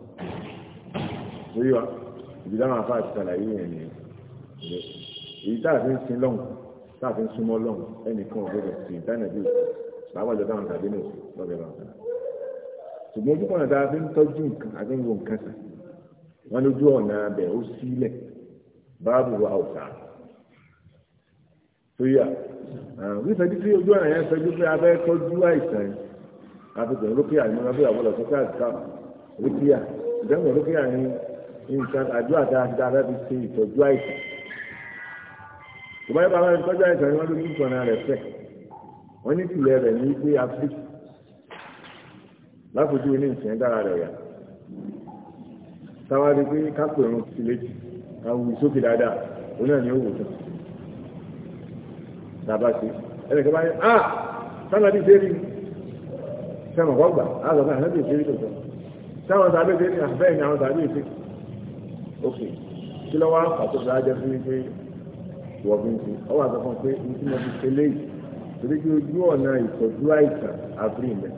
lórí wa ibi táwọn afá àti sàlàyé yẹn ni èyí tá a fi ń sin lọ́hùn tá a fi ń súnmọ́ lọ́hùn ẹnìkan ògbọ́dọ̀ sí ìtànàbí òsì làwájọ táwọn tàbí ní òsì bá wọn. ṣùgbọ́n ojú ọ̀nà tá a fi ń tọ́jú nǹkan àti ń wo nǹkan sàn wọ́n lójú ọ̀nà abẹ ó sílẹ̀ báàbù wa ọ̀sà lórí wa nífẹ̀ẹ́ tí ojú ọ̀nà yẹn fẹ́jú pé abẹ́ tọ́jú àìsàn àfikún lókè àìmọ́ abẹ́ lókè à nǹkan àdúrà tá a ṣe ìtọ́jú àìsàn ìbáyọ̀ bàbá ìtọ́jú àìsàn ni wọ́n ló ní ìtọ́nà rẹ̀ fẹ̀ wọ́n ní ìpìlẹ̀ rẹ̀ ní pé Áfíríkà láfojú ní ìsìn dára rẹ̀ yà táwa rí pé kápò ìrún ti létí káwù sókè dáadáa òun náà ni ó wò tán bàbá ṣe ẹnì kan bá ah ṣe á lọ bá àná ókè kí lọ́wọ́ àpàtó ṣe ajẹ́ fún mi pé wọ́n fi ń ṣe ọwọ́ àtọ́kàn pé ní tí mo fi ṣe léyìí torí pé ojú ọ̀nà ìtọ́jú àìsàn àfihàn mẹ́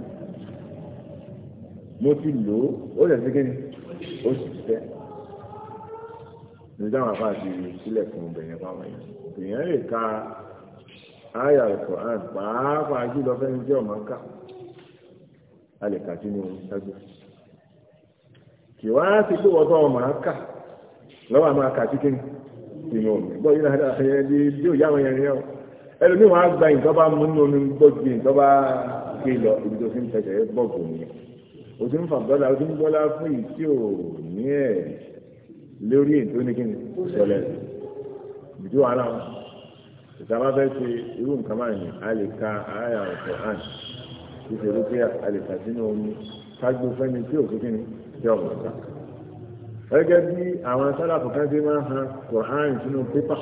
mo ti lò ó ó lè ṣe kéde ó sì ṣiṣẹ́ nígbà wọn àpá àti ìsílẹ̀ fún obìnrin pàmò yìí èèyàn lè ka àyà ọ̀tọ̀ àn pàápàá jùlọ fẹ́ni jẹ́ ọ̀mọ̀ ká a lè kà sínú ṣáájú kì wá sí pé wọ́n tọ́ ọmọ ká lọ́wọ́ àmọ́ àkàtí kí nínú omi gbọ́ yìí náà dára ẹyẹ di bí ò yáwọn yẹn yẹn o ẹlòmíì wọn á gba nǹkan bá mú nínú omi gbọ́ ju nǹkan bá gbé lọ ibi tó fi ń fẹsẹ̀ ẹ bọ̀ gùn yẹn o ti ń fà bọ́lá o ti ń bọ́lá fún yìí tí ò ní ẹ̀ lórí ètò ní kí ni sọlẹ̀ ìdí wàhálà wọn ìtàbá fẹ́ ṣe irú nǹkan máa ní a àyà ọ̀sẹ̀ hàn ìṣèlú pé a sínú omi ká gẹ́gẹ́ bí àwọn sálàfù kan ti máa han Quran sínú pépà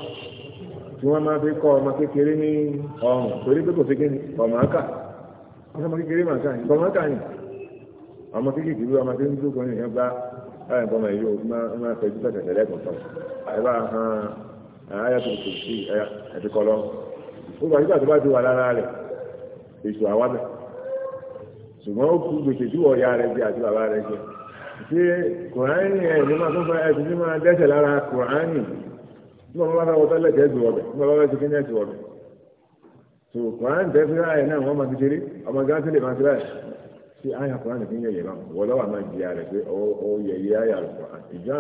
tí wọ́n máa fi kọ́ ọmọ kékeré ní ọrùn torí pé kò sí kíni ọmọọ́kà ọmọ kékeré màkà ní ọmọọ́kà ní ọmọ kékeré bí ọmọ kékeré tó kọ́ ní ìyẹn bá láyé bọ́mọ èyí ó máa fẹ́ jíjẹ́ kẹ̀kẹ́ lẹ́kọ̀ọ́ àyíká han ayatollah kò sí ẹ̀dí kọlọ́ gbogbo àyíká tó bá ti wà lára rẹ̀ èso àwábẹ̀ ṣùgbọ́n ó kú gbèsè tí wọ́n ya rẹ̀ jẹ àti bàbá rẹ̀ jẹ ṣe kùránì ẹ̀sìn máa tún fa ẹ̀sìn tí máa dẹ́sẹ̀ lára kùránì nígbà wọn bá fẹ́ wọtọ́ lẹ́kẹ̀ẹ́ ju ọbẹ̀ nígbà wọn bá fẹ́ ṣe kíní ọbẹ̀ tó kùránì tẹ́ fi ráàyè náà wọ́n máa ti ṣeré ọmọ gáàsì lè máa ti ráàyè ṣe àyà kùránì kí ń bá lọ́wọ́ rẹ̀ pé ó àyà kùránì ìjọ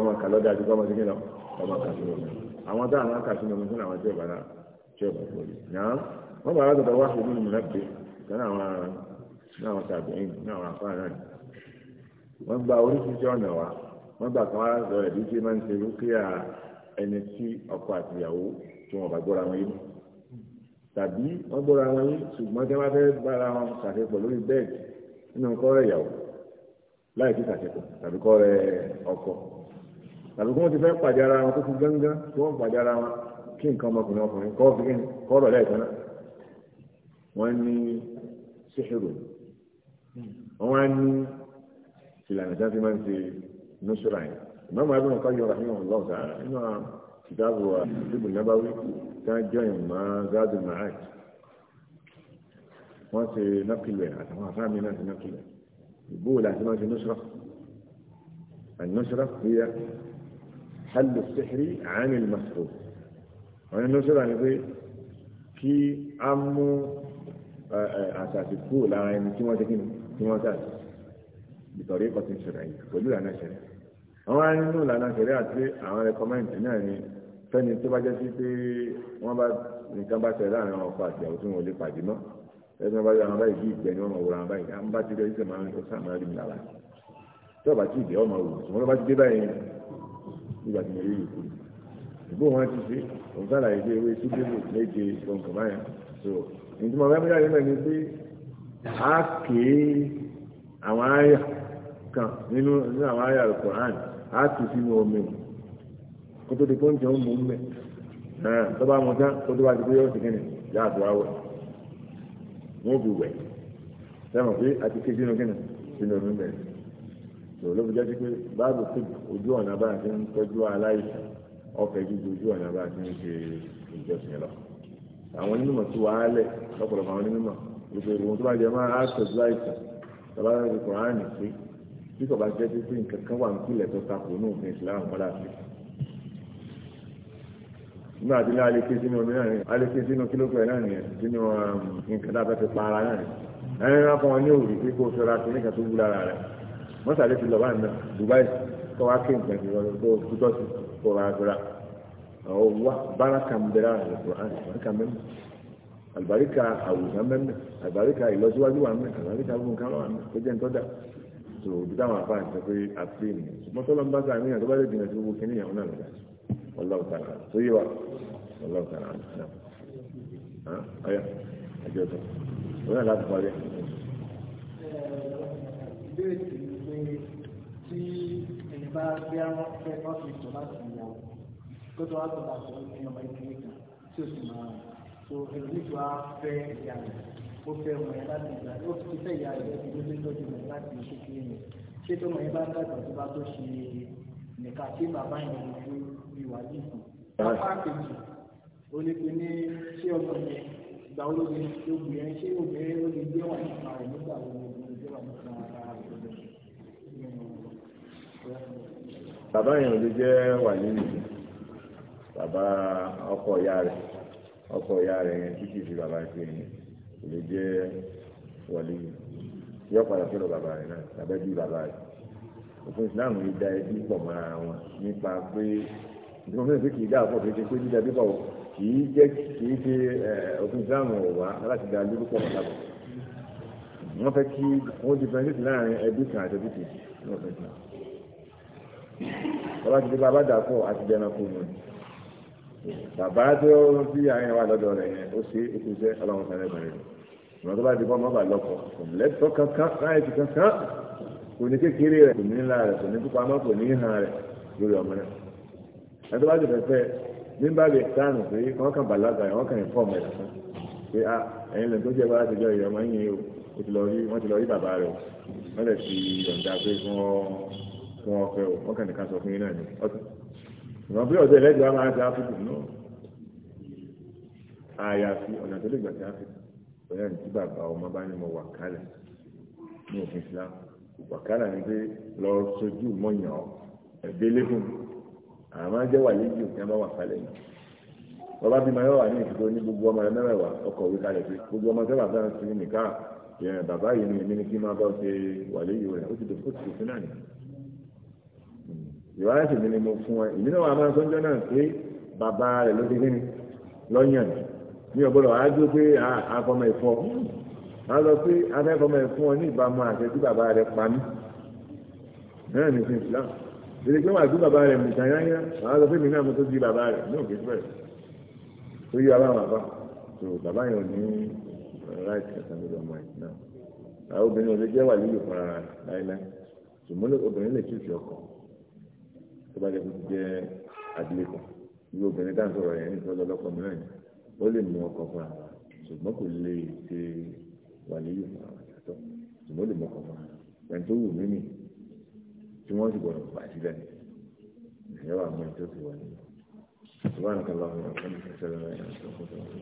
àwọn ní máa ọba kàṣírò mi àwọn tá àwọn kàṣírò mi fún àwọn tí ọba náà tí ọba tó lè nà wọn bàbá tó wá fún mi lẹbi kan àwọn ní àwọn tàbíyìn ní àwọn afáà náà wọn gba oríṣiríṣi ọ̀nà wa wọn gbà kan wá sọ ẹ̀dí tí máa ń ṣe lókèyà ẹni tí ọkọ àtìyàwó tí wọn bá gbọ́ra wọn yìí tàbí wọn gbọ́ra wọn yìí ṣùgbọ́n tí wọn fẹ́ bára wọn ṣàṣepọ̀ lórí bẹ́ẹ̀dì nínú kọ́rẹ́ ìyàwó láì sí ṣàṣepọ̀ tàbí kọ́rẹ́ ọkọ tàbí kí wọ́n ti fẹ́ pàdé ara wọn tó fi gángan tí wọ́n pàdé ara wọn kí nǹkan ọmọkùnrin ọkùnrin kọ́ fi kíni kọ́rọ̀ lẹ́ẹ̀kan náà wọ́n ní síhìrò wọ́n á ní ìlànà tí wọ́n fi máa ń ṣe nùsùrà yẹn ìmọ̀ máa bí wọn kájọ rà nínú ọ̀lọ́ ọ̀tá nínú kìtàbù àdìbò nábàwí tí wọ́n jọ ìmọ̀ gáàdù màáì wọ́n ṣe nákìlẹ̀ àtàwọn afáàmì náà ṣe nákìlẹ̀ ìbúwò làti máa ṣe nùsùrà حل السحر عن المسحور wọn ló عن ni pé kí a mú يعني kúrò lára ẹni tí بطريقة ti kí ni tí wọ́n sàṣì ìtọ̀rí kọtí ìṣẹ̀lẹ̀ yìí pẹ̀lú ìlànà ìṣẹ̀lẹ̀ àwọn arínú ìlànà ìṣẹ̀lẹ̀ àti àwọn rẹkọmẹ́ǹtì náà ni fẹ́ni tó bá jẹ́ sí pé wọ́n bá nǹkan bá ṣẹlẹ̀ láàrin àwọn ọkọ àti àwọn tí wọn ò lè pàdé mọ́ ẹni wọn bá yọ àwọn báyìí bí ìgbẹ́ ni wọ́n àwọn báyìí àwọn bá ti dé ìṣẹ̀ máa ń sàmárì mi lára tí ọba ti dé ọmọ wò tí wọ́n bá ti dé báyìí nígbà tí mo rí ìbò wọn ti ṣe òun sàlàyé pé ewé sídébù méje gbọǹkan báyà so ìtumọ̀ bẹ́ẹ̀ mújáde náà pé a kéé àwọn àyà kan nínú àwọn àyà Al-Qur'an a tù sínú omi kó tó di pé oúnjẹ ń mú mẹ́ tó bá tán kó tó bá ti pé yóò ti kíni yá àtúwá wẹ̀ wọ́n fi wẹ̀ sẹ́wọ̀n pé àti ké sínú kíni sínú omi bẹ̀rẹ̀ lòun ló fi jẹ́ sí pé báàbù pé ojú ọ̀nà bá a ti ń tọ́jú aláìsàn ọkọ̀ ìjú ojú ọ̀nà bá a ti ń ṣe ìjọsìn lọ. àwọn onímọ̀ tí wàá lẹ̀ lọ́pọ̀lọpọ̀ àwọn onímọ̀ wípé ohun tó bá jẹ máa á tọ́jú àìsàn tọ́lá láti kọ̀ á nì pé bí kò bá jẹ́ sí pé nǹkan kan wà ní kílẹ̀ tó takò ní òfin ìsìláàmù kọ́lá sí. nígbà tí ní alékè sínú omi náà nìyẹn alékè sínú kílógù ẹ̀ náà nìyẹn sínú um, nǹkan tá a fẹ́ fi pa náà nìyẹn ẹni wọn fún wọn ní òwúrọ̀ pé kó o ṣọ́ra sí nígbà tó wú rẹ̀ mọ́sàlẹ́ ti lọ wà ní Dubai kọ́ wá kí nǹkan ìwọ lọ tutọ́ sí kó ra agbára àwọn wá báraka ń bẹ̀rẹ̀ àrùn Quran àbáríkà mẹ́mẹ́ àbáríkà àwùjọ mẹ́mẹ́ àbáríkà ìlọsíwájú wà mẹ́ àbáríkà gbogbo nǹkan wà mẹ́ tó jẹ́ nítorí tó ibi táwọn afá ń sọ pé àti èmi mọ́tọ́lọ́ ń bá sáà tó bá lè dìnnà sí gbogbo kìnìyàn náà lọ́dà Allahu ta'ala tó yé wa Allahu ta'ala náà ọ̀yà àjọ tó wọ́n náà láti parí tí èyàn bá gbé àwọn fẹ́ ọ́fì tó láti ìyàwó tó tó wá tó bá tó ní ọmọ ìpínlẹ̀ kan tí ó sì máa tó èrò nípa fẹ́ ìyá rẹ̀ ó fẹ́ ọmọ yẹn láti ìgbà ó ti fẹ́ ìyá rẹ̀ ti lóde lóde mọ̀ láti kékeré yẹn ṣé tó mọ̀ yẹn bá dàgbà tó bá tó ṣe nìka tí bàbá yẹn lè fi bí wà ní ìfún. pápá kejì ó ní pe ní ṣé ọmọ yẹn ìgbà ó lè bàbá yẹn ò lè jẹ́ wà nínú bàbá ọkọ ìyá rẹ̀ ọkọ ìyá rẹ̀ yẹn títí fi bàbá ṣe yẹn kò lè jẹ́ wà nínú yọ padà sọ́dọ̀ bàbá rẹ̀ náà tàbí bí bàbá rẹ̀ òfin Islam yìí da ẹbí pọ̀ mọ́ra wọn nípa pé ìdúró mẹ́rin pé kì í dá àpò kéde pé dídá bíbọ̀ kì í jẹ́ kì í ṣe òfin Islam wà láti da lórúkọ wọn lábọ̀ wọ́n fẹ́ kí wọ́n differentiate láàrin ẹbí kan àti ẹbí kejì ní òfin Islam bàbá ti di bàbá dà fún àti dẹ̀nà fún mi bàbá tó bí àyàn wà lọ́dọ̀ rẹ̀ yẹn ó ṣe é kú iṣẹ́ ọlọ́run sáré bẹ̀rẹ̀ ìmọ̀ tó bá di bọ́mọ́ bà lọ́kọ̀ kò ní lẹ́tọ́ kankan láyé ti kankan kò ní kékeré rẹ̀ kò ní ńlá rẹ̀ kò ní pípamọ́ kò ní hàn rẹ̀ lórí ọmọ náà ẹ̀ tó bá ti fẹ́ fẹ́ nígbà lè sáànù pé wọ́n kàn bàlágà wọ́n kàn fọ́ọ̀mù ẹ̀ lọ́sán pé ẹ̀yin lè tó tí wọ́n fẹ́ o wọ́n kàn nìkan sọ fún yín náà ni ọ̀tún ìwọ̀n bí ọ̀sẹ̀ ẹlẹ́gbẹ̀ẹ́ máa ti áfíríkù náà àyàfi ọ̀nà tó lè gbà sí áfíríkù bóyá ní tí bàbá ọmọ bá ní mo wà kálẹ̀ ní òfin Islam wà kálẹ̀ ni pé lọ sojú mọ́yàn ẹ̀dẹ́ lẹ́kùn àmọ́ jẹ́ wà lẹ́yìn òkè àbá wà kálẹ̀ yìí bàbá bímọ yóò wà ní ìfúkọ ní gbogbo ọmọ mẹ́rẹ̀wá ọkọ̀ òwe kálẹ̀ pé gbogbo ọmọ tẹ́lá bá ń sin nìkan bàbá yìí ni èmi ni kí n máa bá ọ ṣe wà lẹ́yìn rẹ̀ ó ti dòfin náà nìkan ìwádìí tèmi ni mo fún ẹ ìbí náà wàá máa sọ́njọ́ náà pé bàbá rẹ̀ ló ti kí ni lọ́yàn mi ò gbọ́dọ̀ wàá jó pé akọmọ ẹ̀fọ́ wàá lọ pé afẹ́kọmọ ẹ̀fọ́ ní ìbámu àṣẹ tí bàbá rẹ̀ pa mí náà ní sin Islam ìdí pé wàá gbé bàbá rẹ̀ mùtàn yányá wàá lọ pé mi náà mo tó di bàbá rẹ̀ ní òkè fẹ́ẹ̀ tó yí abá bàbá tó bàbá yẹn ò ní right kẹta lórí ọmọ ẹ̀ náà àwọn obìnrin ò lè jẹ́ wà lílù fún ara láéláé tòmọ́lẹ́ obìnrin lè tún ìfì ọkọ̀ tó bá jẹ́ kó ti jẹ́ adílé kan irú obìnrin tá à ń sọ̀rọ̀ yẹn nípa ọlọ́kọ mìíràn yìí ó lè mú ọkọ fún ara ṣùgbọ́n kò lè ṣe wàlíyù fún ara yàtọ̀ ṣùgbọ́n ó lè mú ọkọ fún ara ẹni tó wù mí nì tí wọ́n sì gbọ́dọ̀ fà sílẹ̀ ìyẹ́wà mọ́ ẹni tó ti wà nínú.